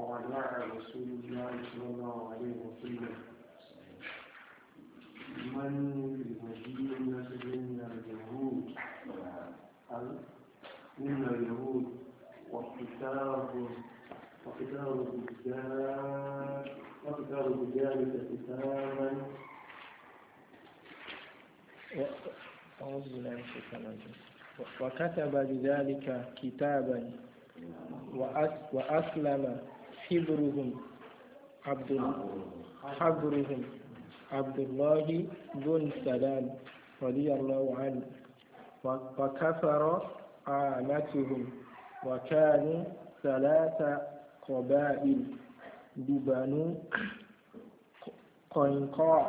وعلى رسول الله صلى الله عليه وسلم من المدينة من اليهود من اليهود وكتاب وكتاب وكتاب ذلك كتابا أعوذ بالله من الشيطان الرجيم وكتب بذلك كتابا وأسلم عبد حبرهم hibruhum abdulhibruhum abdullahi bin salam radiyallahu anhu وكثر آمتهم وكانوا ثلاثة قبائل ببنو قينقاع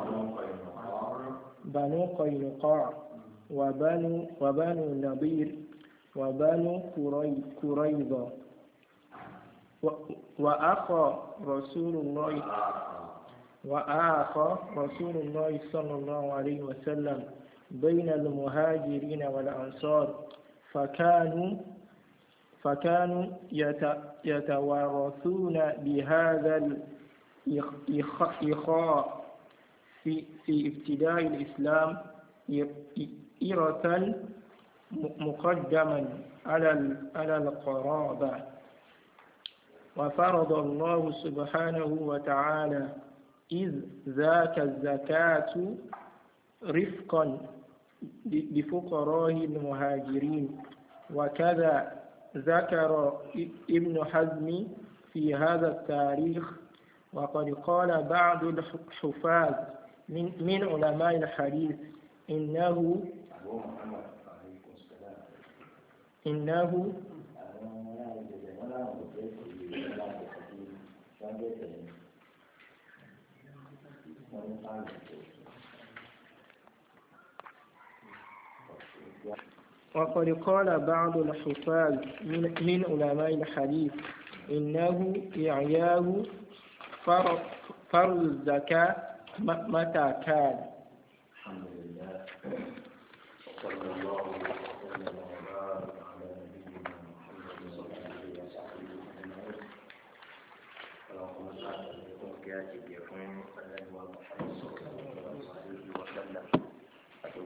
بنو قينقاع وبنو وبنو نبير وبنو كريظة وآخى رسول الله وآخى رسول الله صلى الله عليه وسلم بين المهاجرين والأنصار فكانوا فكانوا يتوارثون بهذا الإخاء في, في ابتداء الإسلام إرثا مقدما على على القرابة وفرض الله سبحانه وتعالى إذ ذاك الزكاة رفقا بفقراء المهاجرين وكذا ذكر ابن حزم في هذا التاريخ وقد قال بعض الحفاظ من, من علماء الحديث إنه إنه lábẹ́ tẹ̀lé wọn ní àlè tó. وقد قال بعض الحفاظ من, من علماء الحديث إنه إعياه فرض الزكاة متى كان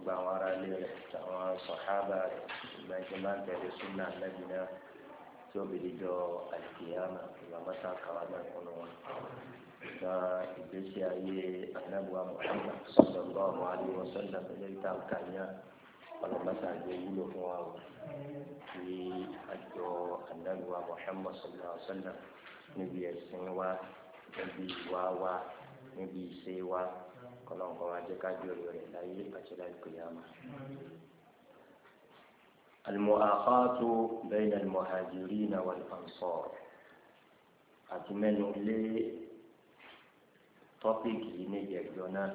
gbogbo àwọn ará ilé rẹ̀ àtàwọn sọ̀hábà rẹ̀ ìgbàjọ máa ń tẹ̀lé súnà nàbì náà tí ó bèrè jọ àlùkìyàmà ìgbàmọ́sá kàwá náà kọ́nà wọn. ìgbà ìgbésí ayé anábùwà Muhammad sallallahu alaihi wasallam ilé ìta kàníà ọlọ́mọ́sá àjẹ wúlò fún wa o kí àjọ anábùwà Muhammad sallallahu alaihi wasallam níbi ẹ̀sìn wa níbi ìwà wa níbi ìṣe wa kọlọ́nkọ́ wa jẹ́ ká jòrò rẹ̀ láyé àti láyé kìlíàmà. المؤاخاة بين المهاجرين والأنصار أتمنى لي topic yìí ní ìjẹjọ náà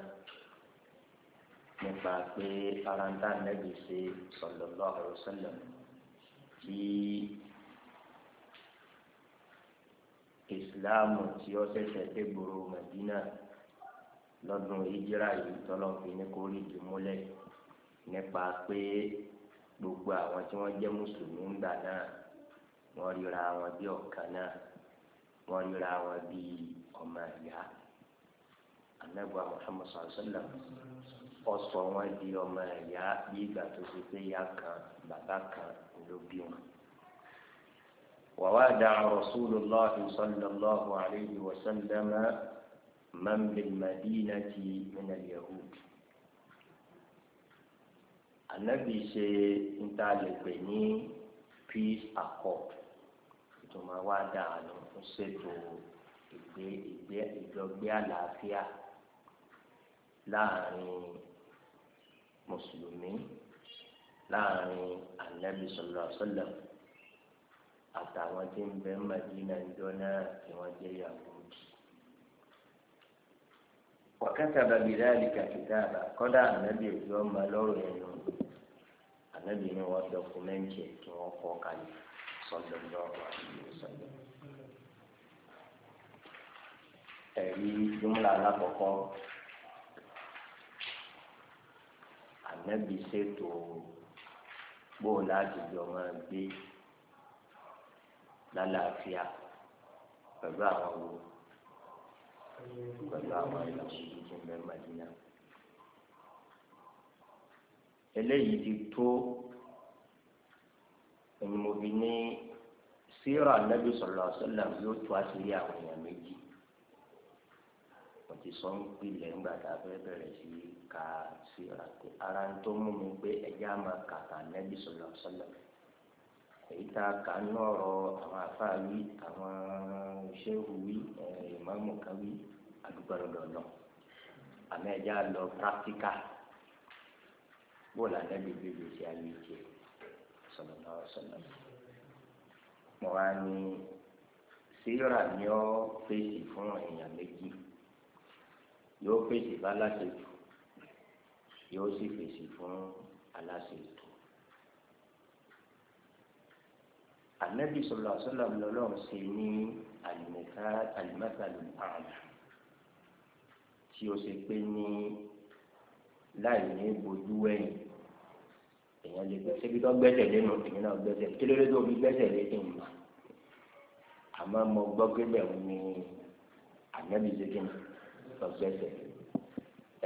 nípa pé aráńtà nẹbi ṣe sallallahu alaihi wasallam tí ìsìláàmù tí ó ṣẹ̀ṣẹ̀ dé gbòòrò lọ́dún ìjírá yìí tọ́lọ́fin ní kò rí ìdí múlẹ̀ nípa pé gbogbo àwọn tí wọ́n jẹ́ mùsùlùmí ńgbà náà wọ́n ríra wọn bí ọ̀kan náà wọ́n ríra wọn bí ọmọ ìyá anagba Muhammad sallam ọsọ wọn di ọmọ ìyá bí ìgbà tó ti pé ìyá kan bàbá kan ló bí wọn. wàwá dàrọ̀ Rasulullah sallallahu alayhi wa sallam. من بالمدينة من اليهود anabi ṣe níta lè pè ní peace accord ìtumọ̀ wa dànù ń ṣètò ìgbé ìgbé ìjọgbé àlàáfíà láàrin mùsùlùmí láàrin anabi sọlọ sọlọ àtàwọn tí ń bẹ Mẹdínà ń jọ náà tí wọn jẹ ìyàwó wàkàtàbà bìláàlì kàkìtàbà kọ́dà ànábì òjò ọmọ lọ́rùn ẹ̀nu ànábì ni wọ́n dọ́kúmẹ́ǹtì ẹ̀ kí wọ́n kọ́ kalẹ̀ sọ́dọ̀ lọ́rùn àdúgbò sọ́dọ̀. ẹ̀rí jùmọ̀lá alákọ̀ọ́kọ́ ànábì ṣètò bóòlù àdìjọ máa gbé lálàáfíà pẹ̀lú àwọn olùkọ́ pẹ̀lú àwọn ìlànà tó ń bẹ Mẹdínà eléyìí ti tó ìmọ̀bi ní síra nàbí sọlọ sọlọ yóò tó àṣírí àwọn èèyàn méjì wọ́n ti sọ ń pilẹ̀ ńgbà tá a fẹ́ bẹ̀rẹ̀ sí í ka síra pé ara ń tó mú mi pé ẹ̀já máa kàkà nàbí sọlọ sọlọ èyí tá a kà ń nọ̀rọ̀ àwọn afáà àwọn ṣéwù wí ìmáàmù wí àdúgbò lọ́dọ̀ náà àmì ẹ̀já lọ pírátíkà bóòlù ànábì bíbí ti ayé jẹ sọ̀nà náà sọ̀nà mo wá ní síra ni ó fèsì fún èèyàn méjì yóò fèsì bá aláṣejù yóò sì fèsì fún aláṣejù. ànábì sọ̀rọ̀ àṣọ́lá lọ́lọ́run sí ní àlùmọ́tà àlùmọ́tà lùmọ́ àlùmọ́ tí ó ṣe pé ní láì ní bojú ẹ̀yìn èèyàn lè gbẹ́sẹ̀ bí tó gbẹ́sẹ̀ lẹ́nu èmi náà gbẹ́sẹ̀ kí ló dé tó fi gbẹ́sẹ̀ lé kí n mà àmọ́ mo gbọ́ pé bẹ́ẹ̀ ni ànábì ṣe kí n lọ gbẹ́sẹ̀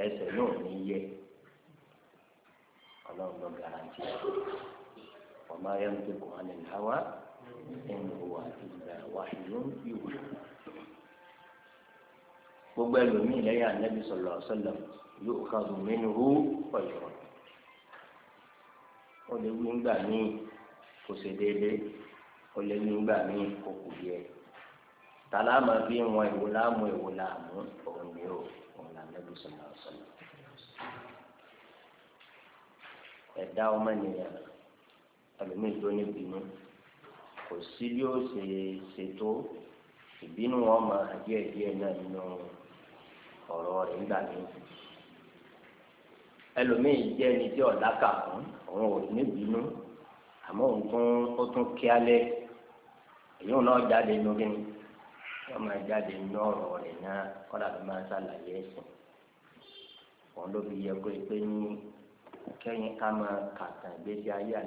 ẹsẹ̀ náà ní yẹ ọlọ́run lọ garanti ọmọ ayé ń tó kọ́ ọ́ ní ìhàwá ẹ̀ ń wà ìgbà wáṣíwọ́n gbogbo ẹlòmíì lẹ́yìn anabi sọlọ sọlọ yóò ká gómìnà hó ọyọrọ ó lè wí ńgbà míì kò ṣe déédéé ó lè wí ńgbà míì kò kù yẹ tàlámà bí wọn ìwò láàmú ìwò láàmú òun ni ó òun là anabi sọlọ sọlọ ẹ̀dá ọmọ nìyẹn ẹlòmíì tó ní bínú kò sí bí ó ṣe ṣètò ìbínú wọn máa díẹ̀ díẹ̀ náà nínú. ọ̀rọ̀ rẹ̀ ńgbà mí. ẹlòmíì jẹ́ ẹni tí ọ̀dà kà fún òun ò ní bínú àmọ́ òun tún ó tún kí alẹ́ èyí náà jáde inú kí ni wọ́n máa jáde inú ọ̀rọ̀ rẹ̀ náà máa ṣàlàyé ẹ̀sìn òun ló fi yẹ kó pé ní kẹ́yìn ká máa kàtà ìgbésí ayé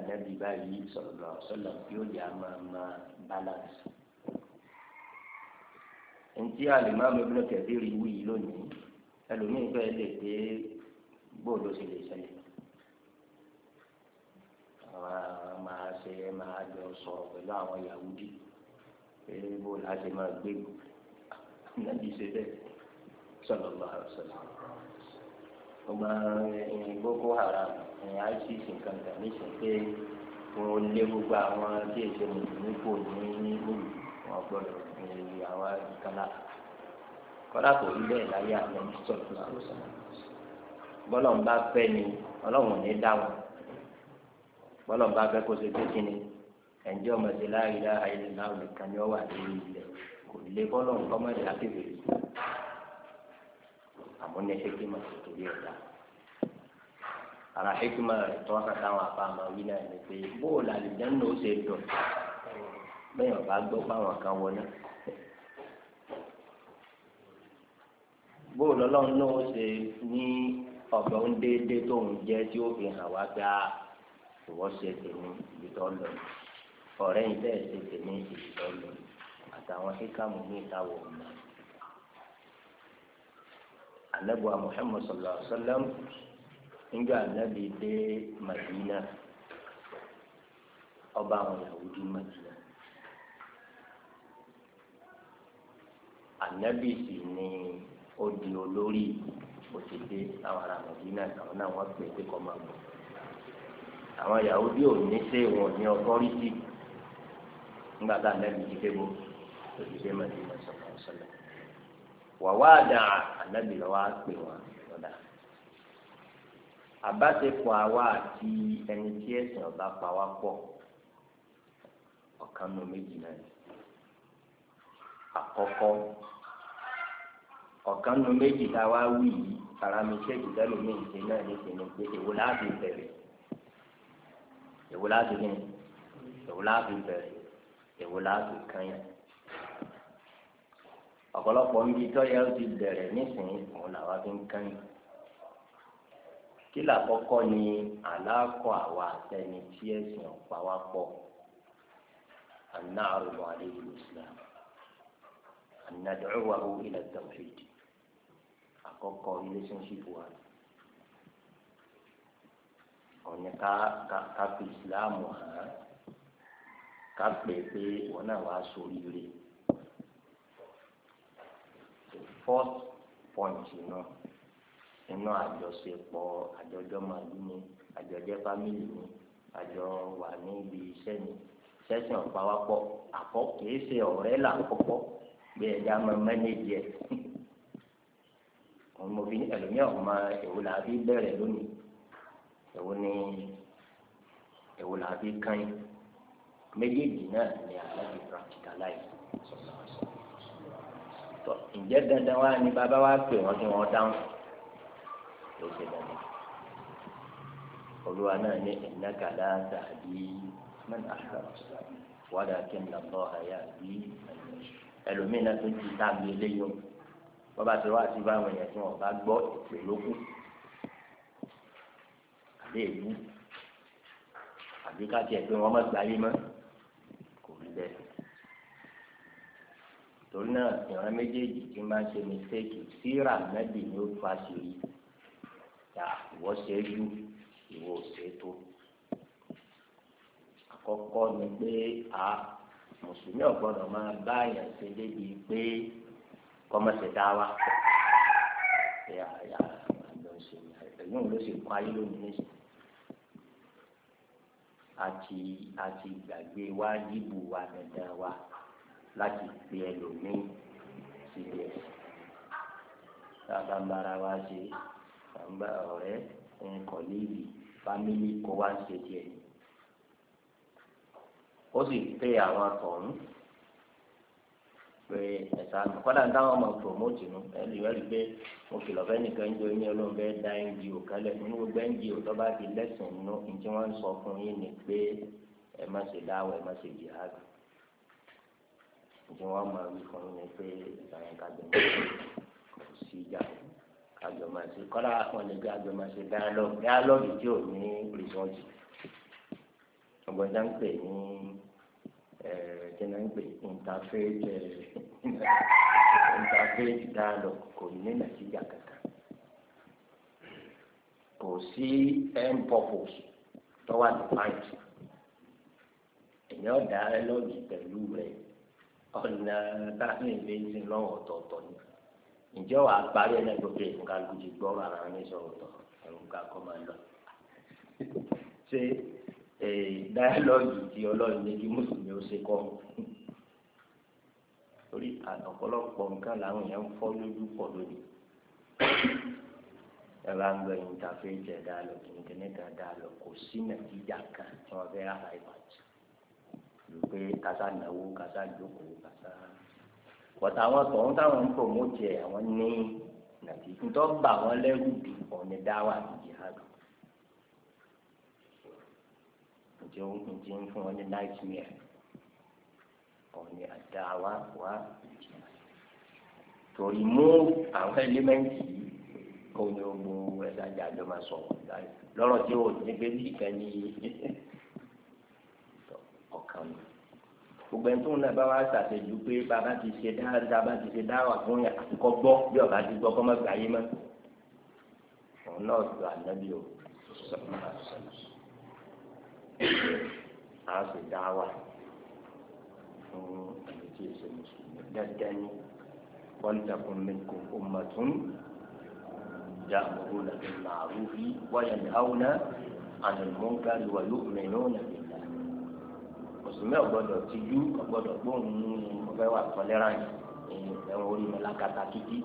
báyìí sọ̀rọ̀ sọ̀rọ̀ bí ó yà máa máa ntí alimami Ibn Kathir wí yìí lónìí ẹlòmíín fẹ́ lè dé bóòlù sì lè ṣẹlẹ̀ máa ṣe máa jọ sọ̀rọ̀ pẹ̀lú àwọn Yahudi pé bóòlù á ṣe máa gbé nàbí ṣe bẹ́ẹ̀ sallallahu alaihi wasallam ọgbà ẹ̀yìn Boko Haram ẹ̀yìn ISIS nǹkan kan níṣẹ́ pé wọ́n lé gbogbo àwọn tí èso mùsùlùmí kò ní ní wọn gbọ́dọ̀ gbin àwọn ìkànnà kọ́lá kò rí bẹ́ẹ̀ láyé àwọn ìṣọ̀tún àlùsàn bọ́lọ̀ ń bá fẹ́ ni ọlọ́run ò ní dá wọn bọ́lọ̀ ń bá fẹ́ kó ṣe pé kí ni ẹ̀ǹjẹ́ ọmọ ti láàyè láàyè láwọn nìkan ni ó wà lórí ilẹ̀ kò lè bọ́lọ̀ ń kọ́mọ́ ìdá kékeré àmọ́ ní ẹgbẹ́ máa ṣe torí ọ̀dà ara ẹgbẹ́ máa rẹ̀ tọ́ àkàtà àwọn àbá àmọ́ wí náà ni pé bóòlù àlùjá náà ó ṣe dùn bẹ́ẹ̀ ọba gbọ́ fáwọn kan wọlé. bóòlù ọlọ́run náà ṣe ní ọ̀bẹ ń déédé tó ń jẹ́ tí ó fi hàn wá pé ìwọ ṣe tèmi ìtọ́ lọ ọ̀rẹ́ yìí bẹ́ẹ̀ ṣe tèmi ìtọ́ lọ àtàwọn kíkàmù ní ìtawọ̀ ọ̀nà. anabuwa muhammad sallallahu alaihi wa sallam nígbà anabi dé madina ọba àwọn yahudi madina. ànábì sì ni ó olori olórí òṣèlú àwọn ará nàìjíríà àwọn náà wọ́n pè ma bụ àwọn yahudi ò ní ṣe wọn ní ọtọrìtì nígbà tá a ti débò tó ti dé màdí wà wá dà ànábì lọ wá pè wọn lọdà àbáṣepọ̀ àwa àti ẹni tí ọba pa wá pọ méjì náà ọ̀kan nu méjì tá a wá wí yìí paramẹ́sẹ̀kì lẹ́nu méjì náà ní ìpinnu pé èwo láti bẹ̀rẹ̀ èwo láti ní èwo láti bẹ̀rẹ̀ èwo láti kányà ọ̀pọ̀lọpọ̀ níbi tọ́yà ó ti bẹ̀rẹ̀ nísìnyí òun làwọn fi ń kányà kí làkọ́kọ́ ni aláàkọ́ àwa àtẹni tí ẹ̀sìn ọ̀pá wa pọ̀ anáàrùn àlejò islam anadọ́wà ó ilẹ̀ tawhid àkọ́kọ́ relationship wa ọ̀nà ká ká fi ìsìláàmù hàn ká pè é pé wọn náà wàá sóríire first point náà inú àjọṣepọ̀ àjọjọ́ màlúù ni àjọjẹ́ fámìlì ni àjọ wà níbi iṣẹ́ ni sẹ́sìn ọ̀pá wa pọ̀ àkọ́ kìí ṣe ọ̀rẹ́ là ń kọ́kọ́ bí ẹja máa mẹ́nẹ́jì ẹ̀ mo fi ẹlòmíà ọmọ èwo là á fi bẹ̀rẹ̀ lónìí èwo ni èwo là á fi kàn yín méjèèjì náà ni aláàbí practicalize sọ̀rọ̀ tọ̀ ǹjẹ́ dandan wa ni bàbá wa pè wọ́n kí wọ́n dáhùn ló ṣe dandan olúwa náà ní innaka la tahdi man ahbabta walakinna Allaha yahdi ẹlòmíì náà tó ti tá a o wọ́n bá ti wá sí báwọn èèyàn tí wọ́n bá gbọ́ ìpè lókù àbí èyí àbí ká tiẹ̀ pé wọ́n má gbáyé mọ́ kò rí bẹ́ẹ̀. torí náà ìran méjèèjì tí máa ń ṣe mistake síra mẹ́bì ni ó tú àṣírí ta ìwọ ṣe é ju ìwọ ò ṣe é tó. àkọ́kọ́ ni pé a mùsùlùmí ò máa bá àyàn ṣe débi pé kọ́mọ̀sì dáwà ẹ̀yà ẹ̀yà ló ń ṣe ẹ̀yìn ló sì kọ́ ayé lónìí nìyí àti àti gbàgbé wa yíbu wa dandan wa láti pe ẹlòmíì síbi ẹ̀sìn sábà ń bára wa ṣe àǹbá ọ̀rẹ́ nkọ̀lẹ́ẹ̀lì fámìlì kó wa ṣe tiẹ̀ ó sì pé àwọn tọ̀hún pé ẹ̀sà kọ́dà ń dáhùn ọmọ promote nù ẹ̀rí rẹ̀ pé mo kìlọ̀ fẹ́ nìkan ń jẹ́ oní ọlọ́run fẹ́ dá ngo kálẹ̀ nínú gbogbo ngo tó bá di lẹ́sìn nínú ìdí wọ́n ń sọ fún yín ni pé ẹ má ṣe dáwọ̀ ẹ má ṣe jihad ìdí wọ́n máa wí fún yín ni pé ìdáyẹn kájọ máa ṣe kò sí ìjà kájọ máa ṣe kọ́dà wọn lè gbé àjọ máa ṣe dialogue dialogue tí ò ní result ọgbọ̀n dáńpẹ̀ ní. Eh, kí ni à ń pè interfaith eh, interfaith dialogue kò ní nàìjíríà kankan kò sí end purpose tọ́wọ́ defined èèyàn dá ẹ lọ́ọ̀gì pẹ̀lú rẹ̀ ọ̀nà táwọn èèyàn ń sin lọ́wọ́ ọ̀tọ̀ọ̀tọ̀ ni ǹjẹ́ wàá parí ẹ̀ lẹ́gbẹ̀ẹ́ pé nǹkan kùjì gbọ́ ara rẹ̀ ní sọ̀rọ̀ tọ̀ ẹ̀rù nǹkan kọ́ máa lọ. ṣé dáyálọ́ọ̀gì tí ọlọ́run ní kí mùsùlùmí ó ṣe kọ́ torí ọ̀pọ̀lọpọ̀ nǹkan làwọn èèyàn ń fọ́ lójú pọ̀ lónìí ẹ̀rọ àgbẹ̀ yìí ta fi ń jẹ dáàlọ́ kìnìkìnì kan dáàlọ́ kò sí nàìjíríà kan tí wọ́n fẹ́ ara ẹ̀ bàjẹ́ lùgbé kásá náwó kásá jókòó kásá wọ́tà àwọn tọ̀hún táwọn ń promote ẹ̀ àwọn ní nàìjíríà tó bá wọn lẹ́rù dùn ọ̀nì dáwà àti ǹjẹ́ ó ń ń fún wọn ní nightmare ọ̀nì àdáwà wá torí mú àwọn ẹlẹ́mẹ̀ntì kó ní gbogbo ẹ̀dá àjọ máa sọ̀rọ̀ lọ́rọ̀ tí ó ní pé nìkan ní ọ̀kan mi gbogbo ẹni tó ń bá wá ṣàtẹ̀jú pé bàbá ti ṣe dáadáa bá ti ṣe dáwà fún àkókò gbọ́ bí ọba ti gbọ́ kọ́ mọ́ gbàyé mọ́ òun náà sọ ànábì o sọ̀rọ̀ máa sọ̀rọ̀ a sì dá wà fún ẹni tí èsè mùsùlùmí dandan ní wàlùdàkùn mẹkùn ọmọtún yàgòrò nàbí màrúfi wáyà nìhàwùnà ànàmọ́ńkà lùwàlú mẹ́nọ́nà bìlà mùsùlùmí ọ̀gbọ́dọ̀ tìjú ọ̀gbọ́dọ̀ gbóhùn ọ̀fẹ́ wà tọ́lẹ́ràn ẹ̀wọ̀n orí mi lákàtà kíkí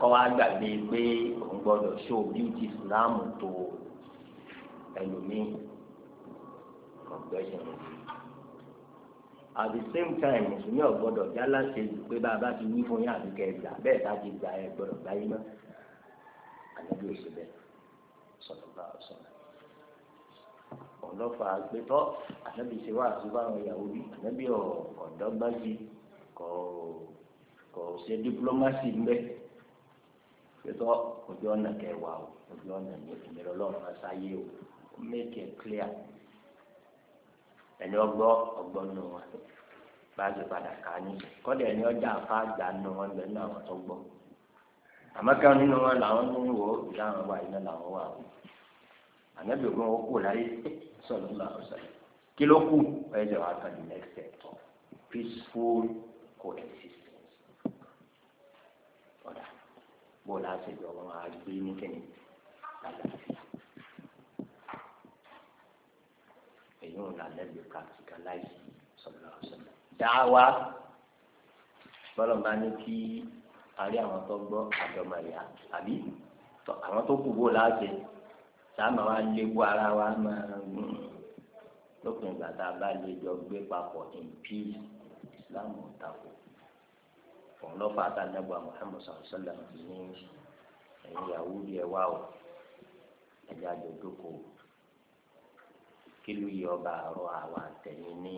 kọ́ wa gbàgbé pé òun gbọ́dọ̀ ṣó bíútì ìsìlámù tó ẹlòmíì ọ̀gbẹ́yìn at the same time mùsùlùmí ọ̀gbọ́dọ̀ jálá ṣe jù pé bá a bá ti wí fún yín àbíkẹ́ ẹ̀dá bẹ́ẹ̀ bá ti gbà ẹ̀ gbọ́dọ̀ gbáyé mọ́ ànábì òṣè bẹ́ẹ̀ sọ̀rọ̀ bá a sọ̀rọ̀ ọlọ́fà àgbẹ̀tọ́ ànábì ṣe wá àti báwọn ìyàwó bí ànábì ọ̀dọ́gbọ́n sí kọ̀ kọ̀ ṣe dipulọ́másì ńbẹ́ pẹ̀tọ́ ojú ọ̀nà kẹwàá ojú ọ̀nà ìmọ̀lọ́lọ́run aṣáyé o make it clear ẹni ọgbọ ọgbọ nù wọn báàgì padà ká ní kọ́dà ẹni ọjà afá gbà nù wọn lẹ́nu àwọn tó gbọ́ àmọ́ká nínú wọn làwọn ń wò ó láwọn wà iná làwọn wà ó ànábì ògùn wọn kú láyé sọ̀rọ̀ ńlá ọ̀sẹ̀ kí ló kù ẹ̀jẹ̀ wà kàn ní next step peaceful coexistence ọ̀dà bó o láti gbọ́ wọn á gbé ní kẹ́ni lálàáfíà. yóò là lẹ́bi practicalize sọ̀rọ̀ sọ̀rọ̀. dáwà bọ́lá bá ní kí parí àwọn tó gbọ́ àjọmọ̀ ìyá àbí àwọn tó kù bó láti sáàmà wa léwu ara wa máa ń lópin ìgbà tá a bá lè jọ gbé papọ̀ in peace Islam ò takò òun ló fà tá a nẹ́gbà Muhammad sallallahu alaihi wasallam ní ẹ̀yìn Yahudi ẹ̀ wá o ẹ̀yà àjọ kí ló yẹ ọba àárọ̀ àwọn àtẹ̀yìn ní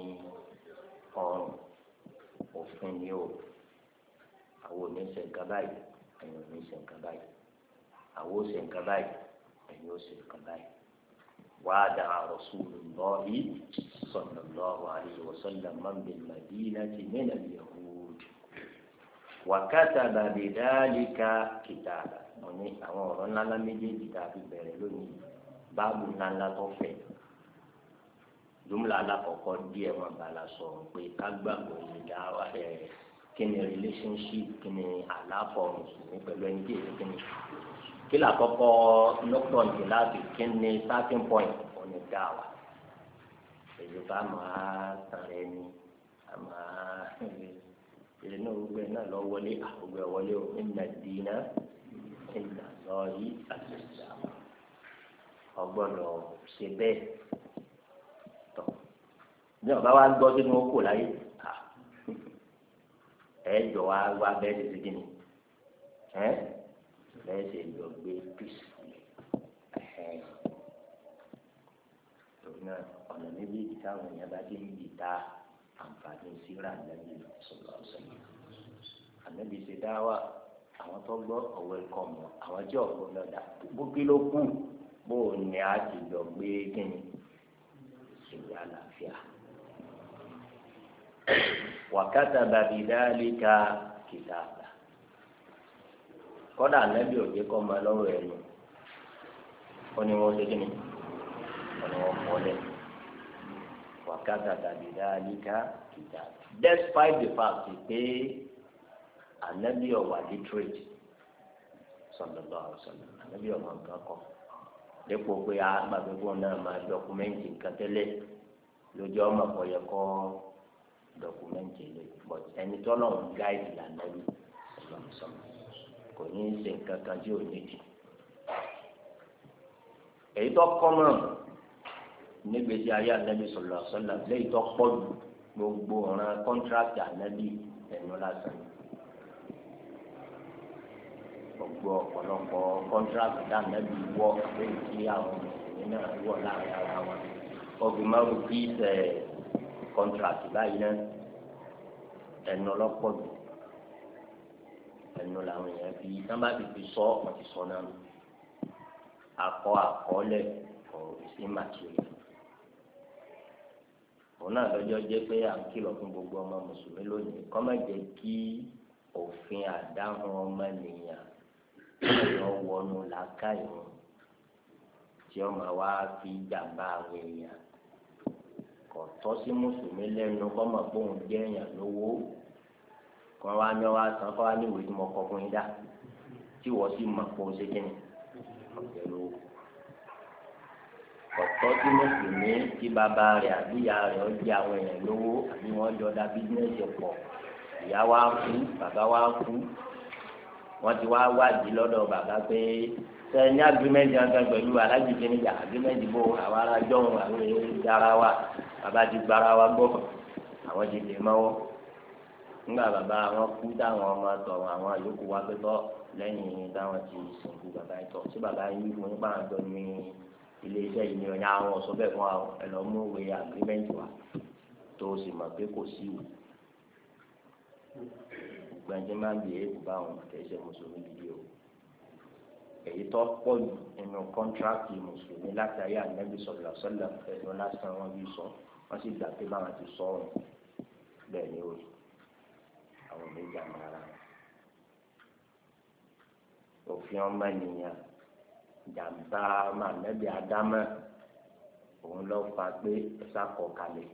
ọrùn òfin ni o àwọn oníṣẹ́ nǹkan báyìí ẹ̀yin oníṣẹ́ nǹkan báyìí àwọn oṣẹ́ nǹkan báyìí ẹ̀yin oṣẹ́ nǹkan báyìí wàá da Rasulullahi sallallahu alayhi wa sallam bil madinati min al yahud wa kataba bidhalika kitaba mo ní àwọn ọ̀rọ̀ ńláńlá méjèèjì tá bẹ̀rẹ̀ lónìí báàbù ńláńlá tó fẹ̀ẹ́ jumla alakọkọ díẹ̀ wọn bala sọ pé ká gbàgbọ́ ní dáwà ẹ kíni relationship kíni àlàfo mùsùlùmí pẹ̀lú ẹni tí èyí kíni kílà kọkọ nọkùnrin ti láti kíni starting point òní dáwà èyí ká máa tàn rẹ ni a máa ilé náà gbogbo ẹ náà lọ wọlé àgbogbo ẹ wọlé o ìnà dínà ìnà lọ yí àti ìjà ọgbọ́dọ̀ ṣe bẹ́ẹ̀ ní ọba wa gbọ́ sínú oko láyé ẹ jọ wa wá bẹ́ẹ̀ ti sigi ni ẹ bẹ́ẹ̀ ṣe jọ gbé peacefully torí náà ọ̀nà níbi táwọn èèyàn bá ti ń di ta àǹfààní síra àgbẹ̀bí sọ̀rọ̀ sọ̀rọ̀ àgbẹ̀bí ṣe dá wà àwọn tó gbọ́ ọ̀wọ́ ẹ̀kọ́ mọ̀ àwọn tí ọ̀gbọ́n lọ́dà gbogbo ló kù bó o ní a ti jọ gbé kíni ìwé àlàáfíà wàkàtà bàbí dáríkà kìtàbà kọ́dà ànábì òjé kọ́ máa lọ́rọ̀ ẹnu ó ní wọ́n ṣe kí ni wọ́n ní wọ́n mọ́lẹ̀ wàkàtà bàbí dáríkà kìtàbà despite the fact pé ànábì ọ̀wà literate sọ̀dọ̀dọ̀ àwòsànà ànábì ọ̀wà nǹkan kọ́ dépò pé àgbàgbẹ́gbọ́n náà máa dọ́kúmẹ́ǹtì nǹkan tẹ́lẹ̀ lójú ọmọ àkọyẹ̀kọ́ dọkumẹ́ntì lé but ẹni tọ́lọ̀ ń gáìdì lànà yìí sọ̀rọ̀ kò ní í ṣe nǹkan kan tí ò nídìí. èyí tó kọ́mọ̀ nígbèsí ayé ànábì sọ̀rọ̀ sọ̀rọ̀ léyìí tó pọ̀ jù gbogbo ọ̀ràn kọ́ńtrákì ànábì ẹ̀nu lásán gbogbo ọ̀pọ̀lọpọ̀ kọ́ńtrákì ànábì wọ́ léyìí tí àwọn ènìyàn náà wọ̀ láàrin ara wọn ọ̀gbìn márùn-ún bíi eh, kọ́ńtrátì báyìí náà ẹnu ọlọ́pọ̀ jù ẹnu làwọn èèyàn fi sábà ti fi sọ wọn ti sọ náà akọ àkọọ́lẹ̀ ọ̀rọ̀ sí màtírí òun náà lọ́jọ́ jẹ́ pé à ń kìlọ̀ fún gbogbo ọmọ mùsùlùmí lónìí kọ́ má jẹ́ kí òfin àdáhùn ọmọ nìyàn lọ wọnú làákàyè wọn tí ọmọ wa fi jàmbá àwọn èèyàn kò tọ́ sí mùsùlùmí lẹ́nu kọ́ mọ̀ pé òun jẹ́ èèyàn lówó kọ́ wa ní wa san kọ́ wa ní ìwé tí mo kọ́ fún yín dá tí wọ́n sì mọ̀ pé òun ṣe kí ni ọ̀jẹ̀ lówó. kò tọ́ sí mùsùlùmí tí bàbá rẹ̀ àbí rẹ̀ ó jẹ́ àwọn èèyàn lówó àbí wọ́n jọ da bísíǹsì pọ̀ ìyá wa kú bàbá wa kú wọ́n ti wá wádìí lọ́dọ̀ bàbá pé ṣe ní agbẹ́mẹ́ntì ọ̀gá pẹ̀lú alájùkẹ́ níjà agbẹ́mẹ́ntì bò àwọn arájọ́ àwọn èèyàn dára wa bàbá ti gbára wa gbọ́ àwọn ti lè mọ́wọ́ nígbà bàbá wọn kú táwọn ọmọ àtọ̀wọ̀ àwọn àyókù wa pé tọ́ lẹ́yìn táwọn ti sìnkú bàbá ìtọ̀ tí bàbá yìí fún nípa àjọ ní ilé yìí ni ọ̀yà àwọn ọ̀sọ́ bẹ́ẹ̀ fún àwọn ẹlọ́múwe àgbẹ̀mẹ́ntì wa tó o sì mọ̀ pé kò sí ìwò gbẹ̀ǹdé máa ń bì éèkù bá àwọn kẹsẹ̀ mùsùlùmí gidi o èyí tó pọ̀ jù nínú kọ́ńtrákì mùsùlùmí láti ayé ànábì sọ̀rọ̀ sọ́lá ẹ̀dùn lásán wọn bí sọ̀rọ̀ wọ́n sì gbà pé báwọn ti sọ ọ̀rọ̀ bẹ́ẹ̀ ni ó rí àwọn méjì àmọ́ ara rẹ̀ òfin ọmọ ènìyàn jàǹbá màmẹ́bí àdámọ́ òun lọ fa pé ẹ̀sà kọ̀ kalẹ̀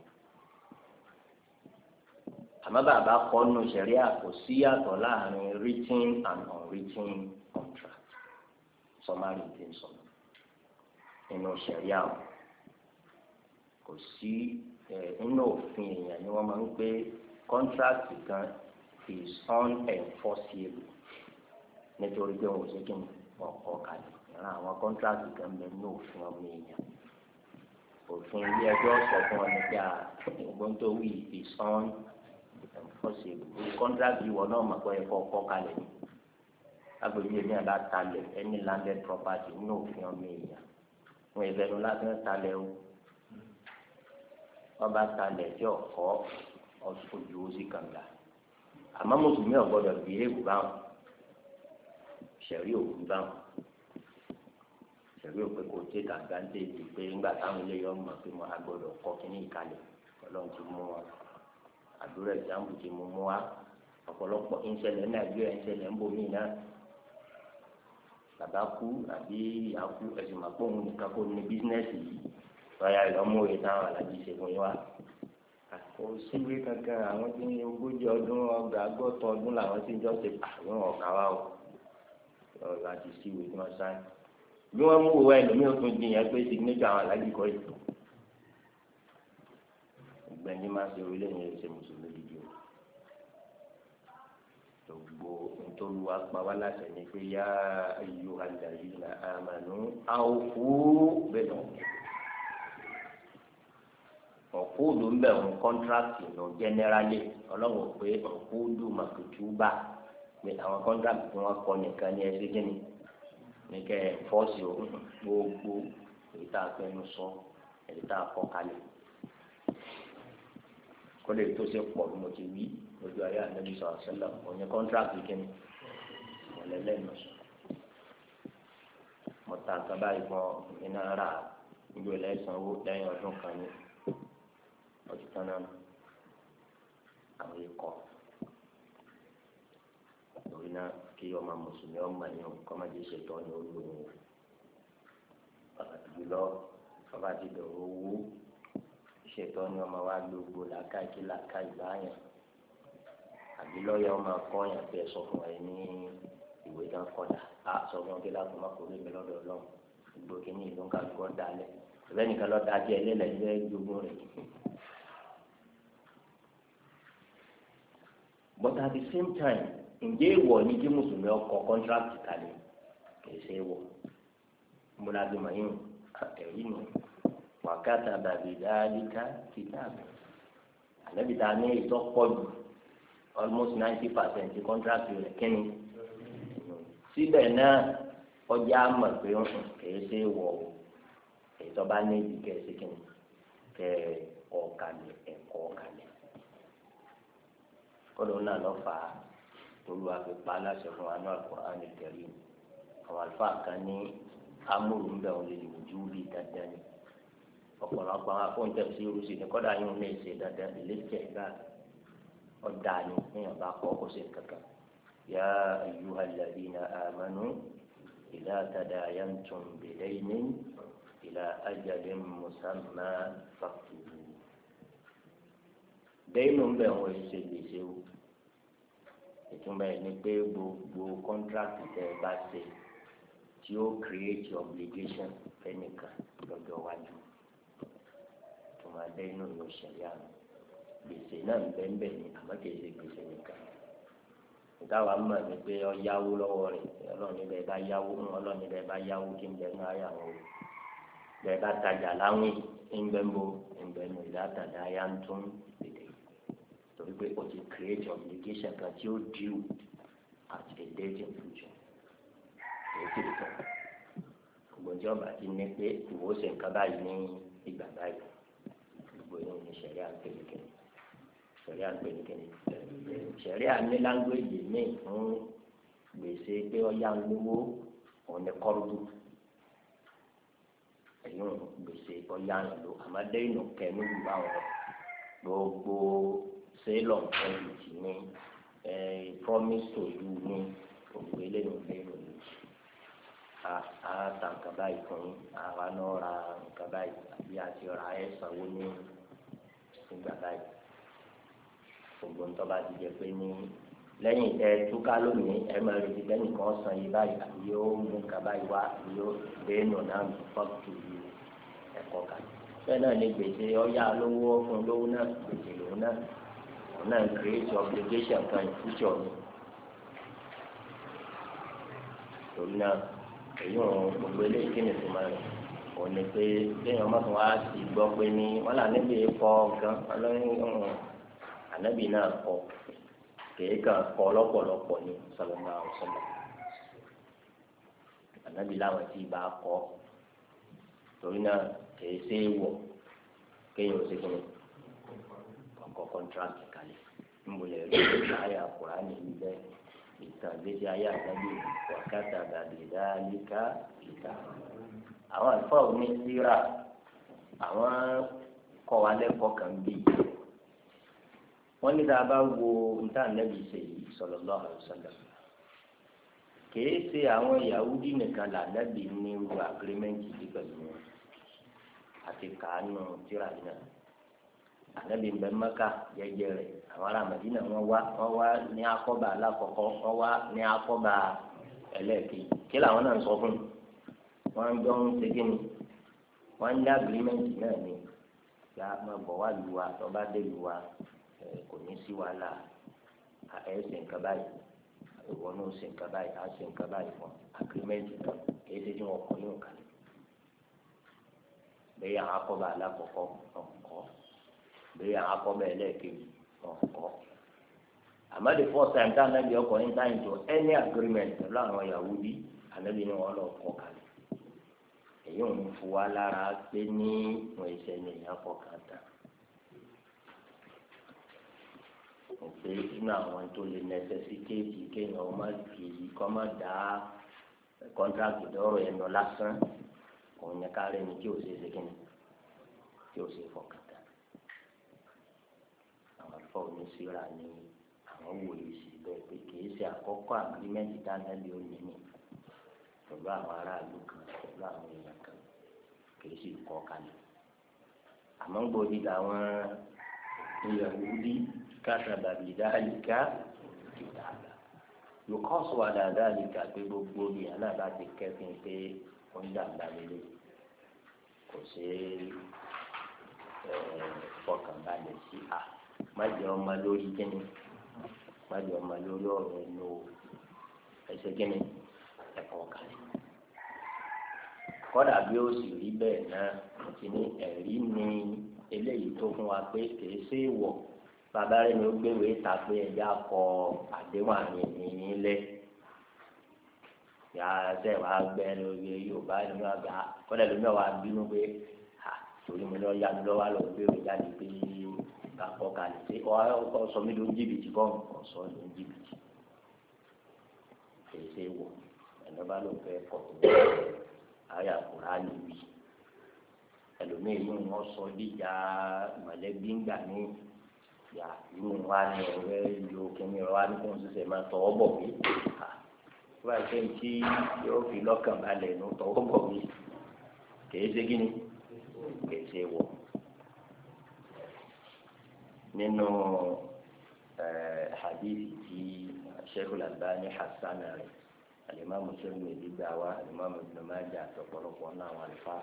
àmọ́ bàbá kọ́ nù sẹ̀ríà kò sí yàtọ̀ láàrin written and unwritten contract sọmárì tí ń sọ nínú sẹ̀ríà kò sí Eh, nínú òfin èèyàn ni wọ́n máa ń pè contract kan is unenforceable nítorí pé wọn ò ṣe kí ni wọn kọ kalẹ̀ ìran àwọn contract kan bẹ nínú òfin ọmọ èèyàn òfin ilé ẹjọ́ sọ fún ọ nígbà ìgbọ́n tó wí is unenforceable contract yìí wọ́n náà mọ̀ pé ẹ̀kọ́ kọ kalẹ̀ ni agbègbè ní àbá talẹ̀ any landed property nínú òfin ọmọ èèyàn wọn ìbẹ̀rù láti ń talẹ̀ o ọba kalẹ̀ tí ọ̀kọ́ ojú oṣù kànga àmọ́ mùsùlùmí ọ̀gbọ́dọ̀ bí ewu báwọn sẹ̀rí òwú báwọn sẹ̀rí òpè kò tẹ̀ kànga ń tẹ̀ ti pé ńgbà táwọn ilé yọ mọ̀ pé mo agbọ́dọ̀ kọ́ kínní ìkalẹ̀ ọlọ́run ti mú wa àdúrà ìjàmbù ti mú mú wa ọ̀pọ̀lọpọ̀ ìṣẹ̀lẹ̀ nàìjíríà ìṣẹ̀lẹ̀ ń bomi náà bàbá kú àbí ìyá kú ẹ̀sìn màpọ̀ òun nìkan kó ní bísínẹ́sì báyà ìlọ́mú òye táwọn alájí ṣe fún yín wá. òṣìwé kankan àwọn tí ń ní ogójì ọdún ọgbà gbọ́tọ̀ ọdún làwọn tí ń jọ́ ṣe àwọn ọ̀gá wa o ọ̀la ti síwèé tí wọ́n sáyẹn bí wọ́n mú wọ́n ẹlòmíràn tó di yẹn pé signature àwọn alájí kọ́ yìí gbẹ̀ndé máa ṣe orílẹ̀ yẹn ṣe mùsùlùmí gidi o gbogbo nítorí wa pa wá láṣẹ ni pé yá ayyuhal ladina amanu awfu bil 'uqud. ọ̀kúùdù ń bẹ̀ wọn kọ́ńtrákì lọ jẹ́nẹ́rálì ọlọ́run pé ọ̀kúùdù màkìtúbà pé àwọn kọ́ńtrákì tí wọ́n kọ nìkan ní ẹsẹ̀ gíní nìkẹ́ fọ́ọ̀sì gbogbo èyí tá a fẹ́nu sọ èyí tá a kọ́ kalẹ̀ kó lè tó ṣe pọ̀ mo ti wí lójú ayé àdébí sọ̀rọ̀ sẹ́lẹ̀ kọ́ńtrákì ọtún tán náà àwọn ikọ̀ torí náà kí ọmọ mùsùlùmí ọmọ yẹn kọ́ má jẹ́ ṣètò ọ̀nà olóhùn pàtàkì jùlọ ọba ti dọ̀rọ̀ owó ṣètò ọ̀nà ọmọ wa gbogbo làákà kí làákà ìbáyàn àbí lọ́ọ̀yà ọmọ akọ́yàn bẹ́ẹ̀ sọ fún ẹ ní ìwé dán kọ́dà á sọ fún ọ kí láàbù má kó lómi lọ́dọ̀ ọlọ́run gbogbo kí ní ìlú ń ká gbọ́ dálẹ̀ ìbẹ́nìkan lọ́ọ́ dájẹ́ ẹlẹ́lẹ́ but at the same time ǹjẹ́ ìwọ ni kí mùsùlùmí ọkọ contract kalẹ̀ kì í ṣe é wọ múra bí màá yín ẹ̀rí nù wàkàtà bàbí dáadéka kìtàbù àlẹ́bí ta ní ìtọ́pọ̀jù almost ninety percent contract rẹ̀ kínní síbẹ̀ náà ọjà àmọ̀ pé kì í ṣe é wọ èyí ní ìdíkẹ́ sí kẹ ọ̀kalẹ̀ ẹ̀kọ́ ọ̀kalẹ̀ kọ́dọ̀ náà lọ fà á olùwà fi pa aláṣẹ fún wa ní Al-Qur'an Al-Karim àwọn àlùfáà kan ní amóhùn bẹ́ẹ̀ wọn lè lùjú bí dandan ni ọ̀pọ̀lọpọ̀ àwọn afọ́ńtẹ̀ sí irúsì ní kọ́dà yóò ní ìṣe dandan ilé tẹ̀ gbà ọ̀dà ni èèyàn bá kọ́ kó ṣe kankan. ya ayyuhal ladina amanu idha tadayantum bidainin ila ajalin musamma faktubu dẹ́yìnù ń bẹ̀ wọ́n ṣe gbèsè o ìtumọ̀ ẹ̀ ni pé gbogbo kọ́ńtrákì tẹ́ ẹ bá ṣe tí ó create obligation fẹ́nìkan lọ́jọ́ iwájú ìtumọ̀ dẹ́yìnù ló ṣẹlẹ̀ àná gbèsè náà ń bẹ́ ń bẹ̀ ni àmọ́ kìí ṣe gbèsè nìkan ìtawà mọ̀ ni pé ọ yáwó lọ́wọ́ rẹ̀ ọlọ́ọ̀ni bẹ́ẹ̀ bá yáwó ọlọ́ọ̀ni bẹ́ẹ̀ bá yáwó kí n bẹ́ẹ̀ náà yàwó rẹ̀ bẹ́ẹ̀ bá tajà láwìn ń bẹ́ẹ̀ ń ń bẹ́ẹ̀ nù ìdá tàdá yá ń tún ìd torí pé o ti create obligation kan tí ó due at a date in future èyí ti sọ gbogbo ìjọba ti ní pé ìwòsàn nǹkan báyìí ní ìgbà báyìí gbogbo ìyẹn ní sẹ̀rí àgbẹ̀nìkẹ́ni sẹ̀rí àgbẹ̀nìkẹ́ni sẹ̀rí àmì láńgbèjì míì fún gbèsè pé ọ̀yà ń lówó òun ni kọ́rùdù ẹ̀yìn gbèsè ọ̀yà ń lò àmọ́ dẹ́yìn kẹ́nu ìgbà wọn gbogbo. Ceylon college ní eh, promise to you ní gbogbo eléyìí lẹ́nu méjì a ta nǹkan báyìí fún àwa náà ra nǹkan báyìí àbí àti ọ̀rọ̀ ayé sanwó ní ìgbà báyìí gbogbo ń tọ́ba ti jẹ pé ní lẹ́yìn ẹ túká lónìí ẹ máa retí lẹ́yìn kan san yìí báyìí àbí yóò mú nǹkan báyìí wá àbí yóò lẹ́nu náà fọ́ọ̀tù ẹ̀kọ́ kan bẹ́ẹ̀ náà ni gbèsè ọ̀yà lówó fún lówó náà gbèsè lòun náà ọ̀nà create obligation kan in future ni torí náà èyí ò gbogbo eléyìí kí ni tó máa rìn kò ní pé kéèyàn má tún wá sí gbọ́ pé ní wọn là níbi kọ gan ọlọ́run ànábì náà kọ kèé kan kọ lọ́pọ̀lọpọ̀ ní sọlọ́mọ àwọn sọlọ́mọ ànábì láwọn tí bá kọ torí náà kèé ṣe é wọ̀ kéèyàn ò ṣe kí ni kọ kọntrakt kalẹ̀ nbọlẹ lórí àyà kùránì níbẹ̀ ìtàn gbèsè ayé àgbáyé wákàtà gàdìdá níka ìta àwọn àlùfáà òní síra àwọn kọ wa lẹ́kọ̀ọ́ kan bí wọn ní dáa wo níta nẹbi ṣe yìí sallallahu alaihi wasallam kìí ṣe àwọn yahudi nìkan là nẹbi ní irú agirimẹǹtì yìí pẹ̀lú wọn àti kàánù tíra yìí náà anabi mbẹ maka jẹ́jẹ́ rẹ̀ àwọn ará madina wọn wá wọn wá ní akọba alakọkọ wọn wá ní akọba ẹlẹ́ẹ̀kejì kí làwọn náà ń sọ fún wọn ń jọ ń segin ni wọn ń dá agirimẹǹtì náà ni ya máa bọ̀ wá lu wa tọba dé lu wa kò ní sí wàhálà ẹ ṣe nǹkan báyìí ìwọ náà ṣe nǹkan báyìí á ṣe nǹkan báyìí fún agirimẹǹtì náà kì í ṣe tí wọn kọ yóò kàlẹ bẹ́ẹ̀ akọba alakọkọ bẹ́ẹ̀ àwọn akọ́mọ ẹ̀ lẹ́ẹ̀kejì ọ̀kọ́ àmọ́ the first time tá ànábì ọkùnrin tá into any agreement pẹ̀lú àwọn Yahudi ànábì ni wọ́n lọ kọ́ kalẹ̀ èyí ò ní fún wa lára pé ní wọn ìṣe ni èèyàn kọ́ kan tán òpè nínú àwọn tó lè nẹsẹsítéètì kéèyàn ọmọ kì kọ́ má dá kọ́ńtrákì dọ́rọ̀ ẹ̀nu lásán òun ní ká rẹ̀ ni kí o ṣe é ṣe kí ni kí o ṣe fọkàn àlùfáà oníṣírà ni àwọn wòye sí bẹ́ẹ̀ pé kì í ṣe àkọ́kọ́ àgbélẹ́mẹ̀tì dánilẹ́bí ó ní ní pẹ̀lú àwọn aráàlú kan pẹ̀lú àwọn èèyàn kan kì í sì kọ́ kalẹ̀ àmọ́ gbòdì làwọn Yahudi kátàbà bìdáàlìkà kìtàbà yòókọ́sù àdàdàlìkà pé gbogbo ìyá náà bá ti kẹ́fìn pé ó ń dàgbà lélẹ̀ kò ṣeé fọkànbalẹ̀ sí a má jẹ ọmọ lórí kíni má jẹ ọmọ lórí ọ̀rọ̀ ẹnu ẹsẹ̀ kíni ẹ̀kọ́ kalẹ̀ kódà bí ó sì rí bẹ́ẹ̀ náà mo ti ní ẹ̀rí ni eléyìí tó fún wa pé kìí ṣe ìwọ bàbá rẹ ni ó gbéwò ìta pé ẹjẹ akọ àdéhùn àmì ìyìn lẹ yàrá sẹ wàá gbẹ lórí yorùbá nínú àgbà kódà lómi ọwà bínú pé torí mi lọ yá mi lọ wá lọ gbéwò jáde pé gbàgbọ́ kalẹ̀ pé ọ sọ mí ló ń jìbìtì bọ́ọ̀ ọ sọ ló ń jìbìtì fèsì wò ẹni bá ló fẹ́ kọ̀ tó ayà kúrá níbí ẹlòmíì ló ń wọ́n sọ dídá mọ̀lẹ́bí ńgbà ní yà ló ń ní ọ̀rẹ́ ìlú kínní ọ̀rọ̀ wá ní kó ń ṣiṣẹ́ máa tọwọ́ bọ̀ mí wọ́n àti ẹni tí yóò fi lọ́kàn balẹ̀ ló tọwọ́ bọ̀ mí kèé ṣe kí ni kèé ṣe wọ̀ nínú eh, hadithi tí Sheikhul Albani hasan rẹ̀ alimami sẹ́yìn ìdígbà wa alimami Ibn Majah àtọ̀pọ̀lọpọ̀ náà wà lẹ́fà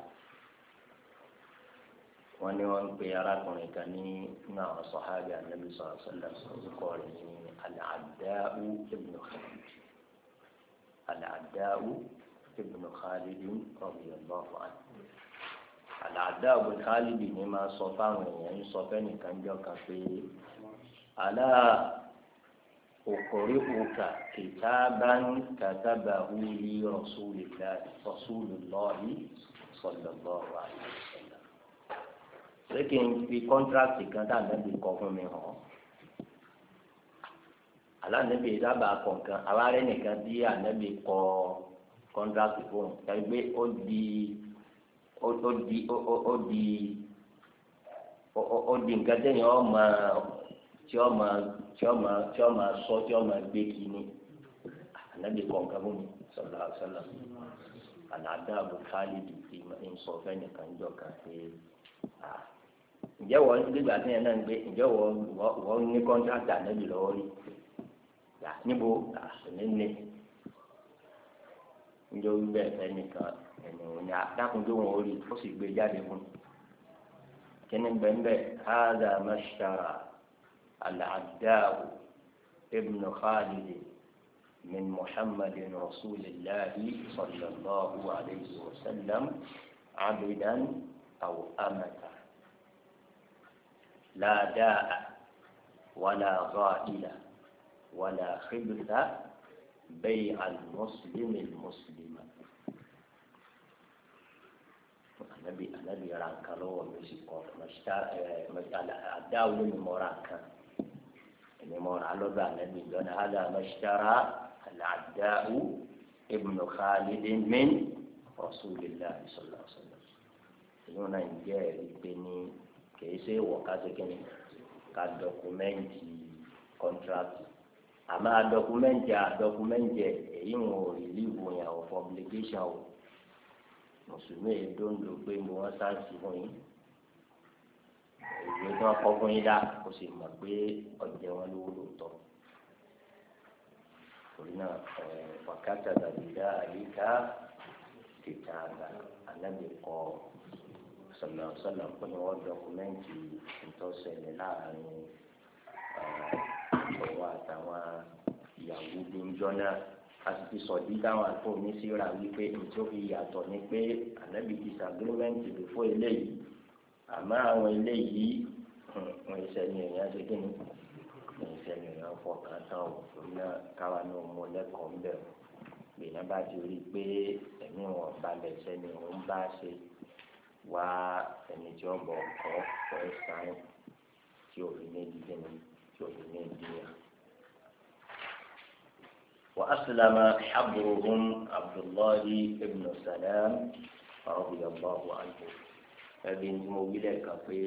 wọ́n ní wọ́n ń pe arákùnrin kan ní nínú àwọn sọ̀hábì ànábi sọ̀rọ̀ sọ̀lá sọ̀rọ̀ rẹ̀ ní al-Adda'u ibn Khalid al-Adda'u ibn Khalid radiyallahu anhu àlàdà àbùkálìbì ni máa sọ fáwọn èèyàn ń sọ fẹ́nìkan jọ kan pé àlà òkòrí òkà kìtà bá ń kàtà bá wúlí rọ̀ṣúlùlọ́ọ̀lì sallallahu alaihi wasallam. ṣé kí n fi kọ́ńtrákì kan dàbẹ́bí kọ fún mi hàn alánàbì dábàá kọ̀ọ̀kan awárẹ́ nìkan bí ànábì kọ kọ́ńtrákì fún un ẹgbẹ́ ó di. ó di ó di ó di nǹkan tí tí tí sọ tí ọ́ gbé kí ni ànábì kọ̀ọ̀kan fún mi sọ̀rọ̀ àṣọlá àlàdà àbùkálì dìtì ń sọ fẹ́ni kan jọ kan pé ǹjẹ́ wọ́n nígbà tí náà ń gbé ǹjẹ́ wọ́n ní lọ́wọ́ rí níbo àṣẹ nílé ǹjẹ́ ẹni òní àdàkùnjó wọn ò rí ó sì gbé jáde fún kíni bẹ́ẹ̀nbẹ́ hàdà mashara alàdáwò ibn khalid min muhammad rasulillahi sallallahu alayhi wa sallam abidan aw amata la daa wala ghaila wala khibta bay al muslim al muslima. anabi anabi ra nǹkan lọ́wọ́ mi sì kọ́ àdáwò ni mo ra nǹkan èmi mo ra lọ́dọ̀ anabi lọ́nà hàdà mọ́ṣítàrà àdáwò ibùdó khalidi min rasulillah sallallahu alaihi wasallam inú náà ń jẹ́ ẹ̀rí pé ní kìí ṣe wọ̀ kásìkìnì ká dọ́kúmẹ́ǹtì kọ́ntrákì àmọ́ àdọ́kúmẹ́ǹtì àdọ́kúmẹ́ǹtì èyí ń wò rìlíìfù yẹn ò fọ́bìlìkéṣàn ò mùsùlùmí yìí tó ń lò pé mo wọ́n sáǹsì fún yín ìwé tí wọ́n kọ́ fún yín dá kò sì mọ̀ pé ọ̀jẹ̀ wọn ló wúlò tọ́ torí náà wàkàtà dàbídá àyíká tètè àgbà anábì kọ sọlọsọlọ pé wọ́n dọkumẹ́ǹtì ìtọ́sẹ̀lẹ̀ láàrin ọ̀wọ́ àtàwọn ìyàwó gbẹ́njọ́ náà àti sọ̀dí táwọn àtò mi sí ra wípé ètò fi yàtọ̀ ni pé ànábì disagreement bìfọ́ eléyìí àmọ́ àwọn eléyìí hmm, wọn ìṣẹ̀yìn èèyàn ṣe kí ni wọn ìṣẹ̀yìn èèyàn fọkàn tán ò fún náà káwa náà mú lẹ́kọ̀ọ́ ń bẹ̀ ọ́ gbìyànjú bá ti rí i pé ẹ̀mí wọn balẹ̀ sẹ́ni òun bá ṣe wá ẹni tí wọn bọ̀ ọ̀kọ́ fún ẹ̀sán tí òfin ní ìdíje ni tí òfin ní ìdíje ni. وأسلم حبرهم عبد الله بن سلام رضي الله عنه ẹbí ní mo wí lẹ́ẹ̀kan pé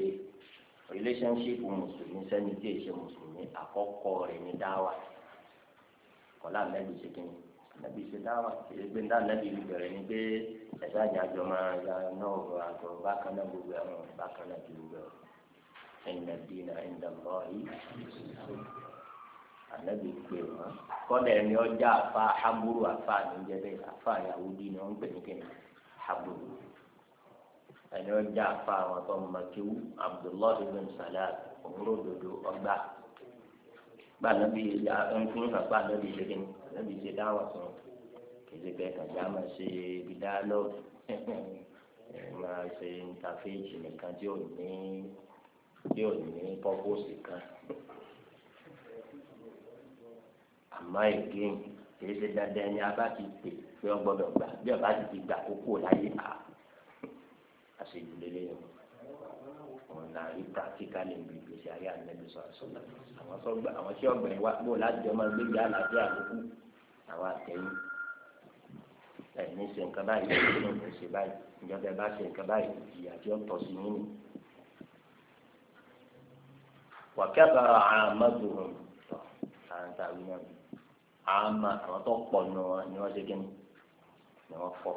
relationship mùsùlùmí sẹ́ni tí èṣe mùsùlùmí àkọ́kọ́ rẹ̀ ní dáwà kọ́lá nẹ́bí ṣe kí ni nẹ́bí ṣe dáwà èyí pé níta nẹ́bí rí bẹ̀rẹ̀ ni pé ẹ̀dá àjà àjọ máa ya náà rọ àgọ́ bákan náà gbogbo ẹ̀rọ bákan náà ti gbogbo ẹ̀rọ ẹ̀yìn nàbí náà ẹ̀yìn dàgbọ́ yìí ànábì pè wọn kọ́dà ẹni ọjà àfa haburu àfa níjẹ bẹ́ẹ̀ àfa yahudi ni wọ́n ń pè ní kíni haburu ẹni ọjà àfa àwọn tó mọ̀kíw abdullahi bin salam òwúrò dodo ọgbà gba ànábì ya nkún kàgbà ànábì ṣe kíni ànábì ṣe dáwọ̀ sọ kìí bẹ́ẹ̀ kàjá máa ṣe ibi dáálọ́ọ̀gì máa ṣe ntàfẹ́jì nìkan tí ò ní tí ò ní pọ́pọ́sì kan àmọ́ èké kìí ṣe dandan ni a bá ti pè pé ọ gbọ́dọ̀ gbà bí ọba ti ti gbà kókó láyé à àṣejù lélẹ́yìn ọ̀nà rí practically ń bíbi ṣe ayé ànábi sọ̀rọ̀ sọ̀rọ̀ àwọn sọ̀gbà àwọn tí ọ̀gbà yìí wá bó láti ọmọ gbégbé àlàáfíà àkókò àwọn àtẹ̀yìn ẹ̀mí ṣe nǹkan báyìí ẹ̀mí ṣe ṣe báyìí ìjọba ẹ̀ ṣe nǹkan báyìí ìyá tí ó tọ́ sí yín ni. wàkẹ́bàrà àmọ́dùnrún àǹtàwí náà Ama àwọn tó pọ̀ nù wọn ni wọ́n ṣe kí ni ni wọ́n fọ́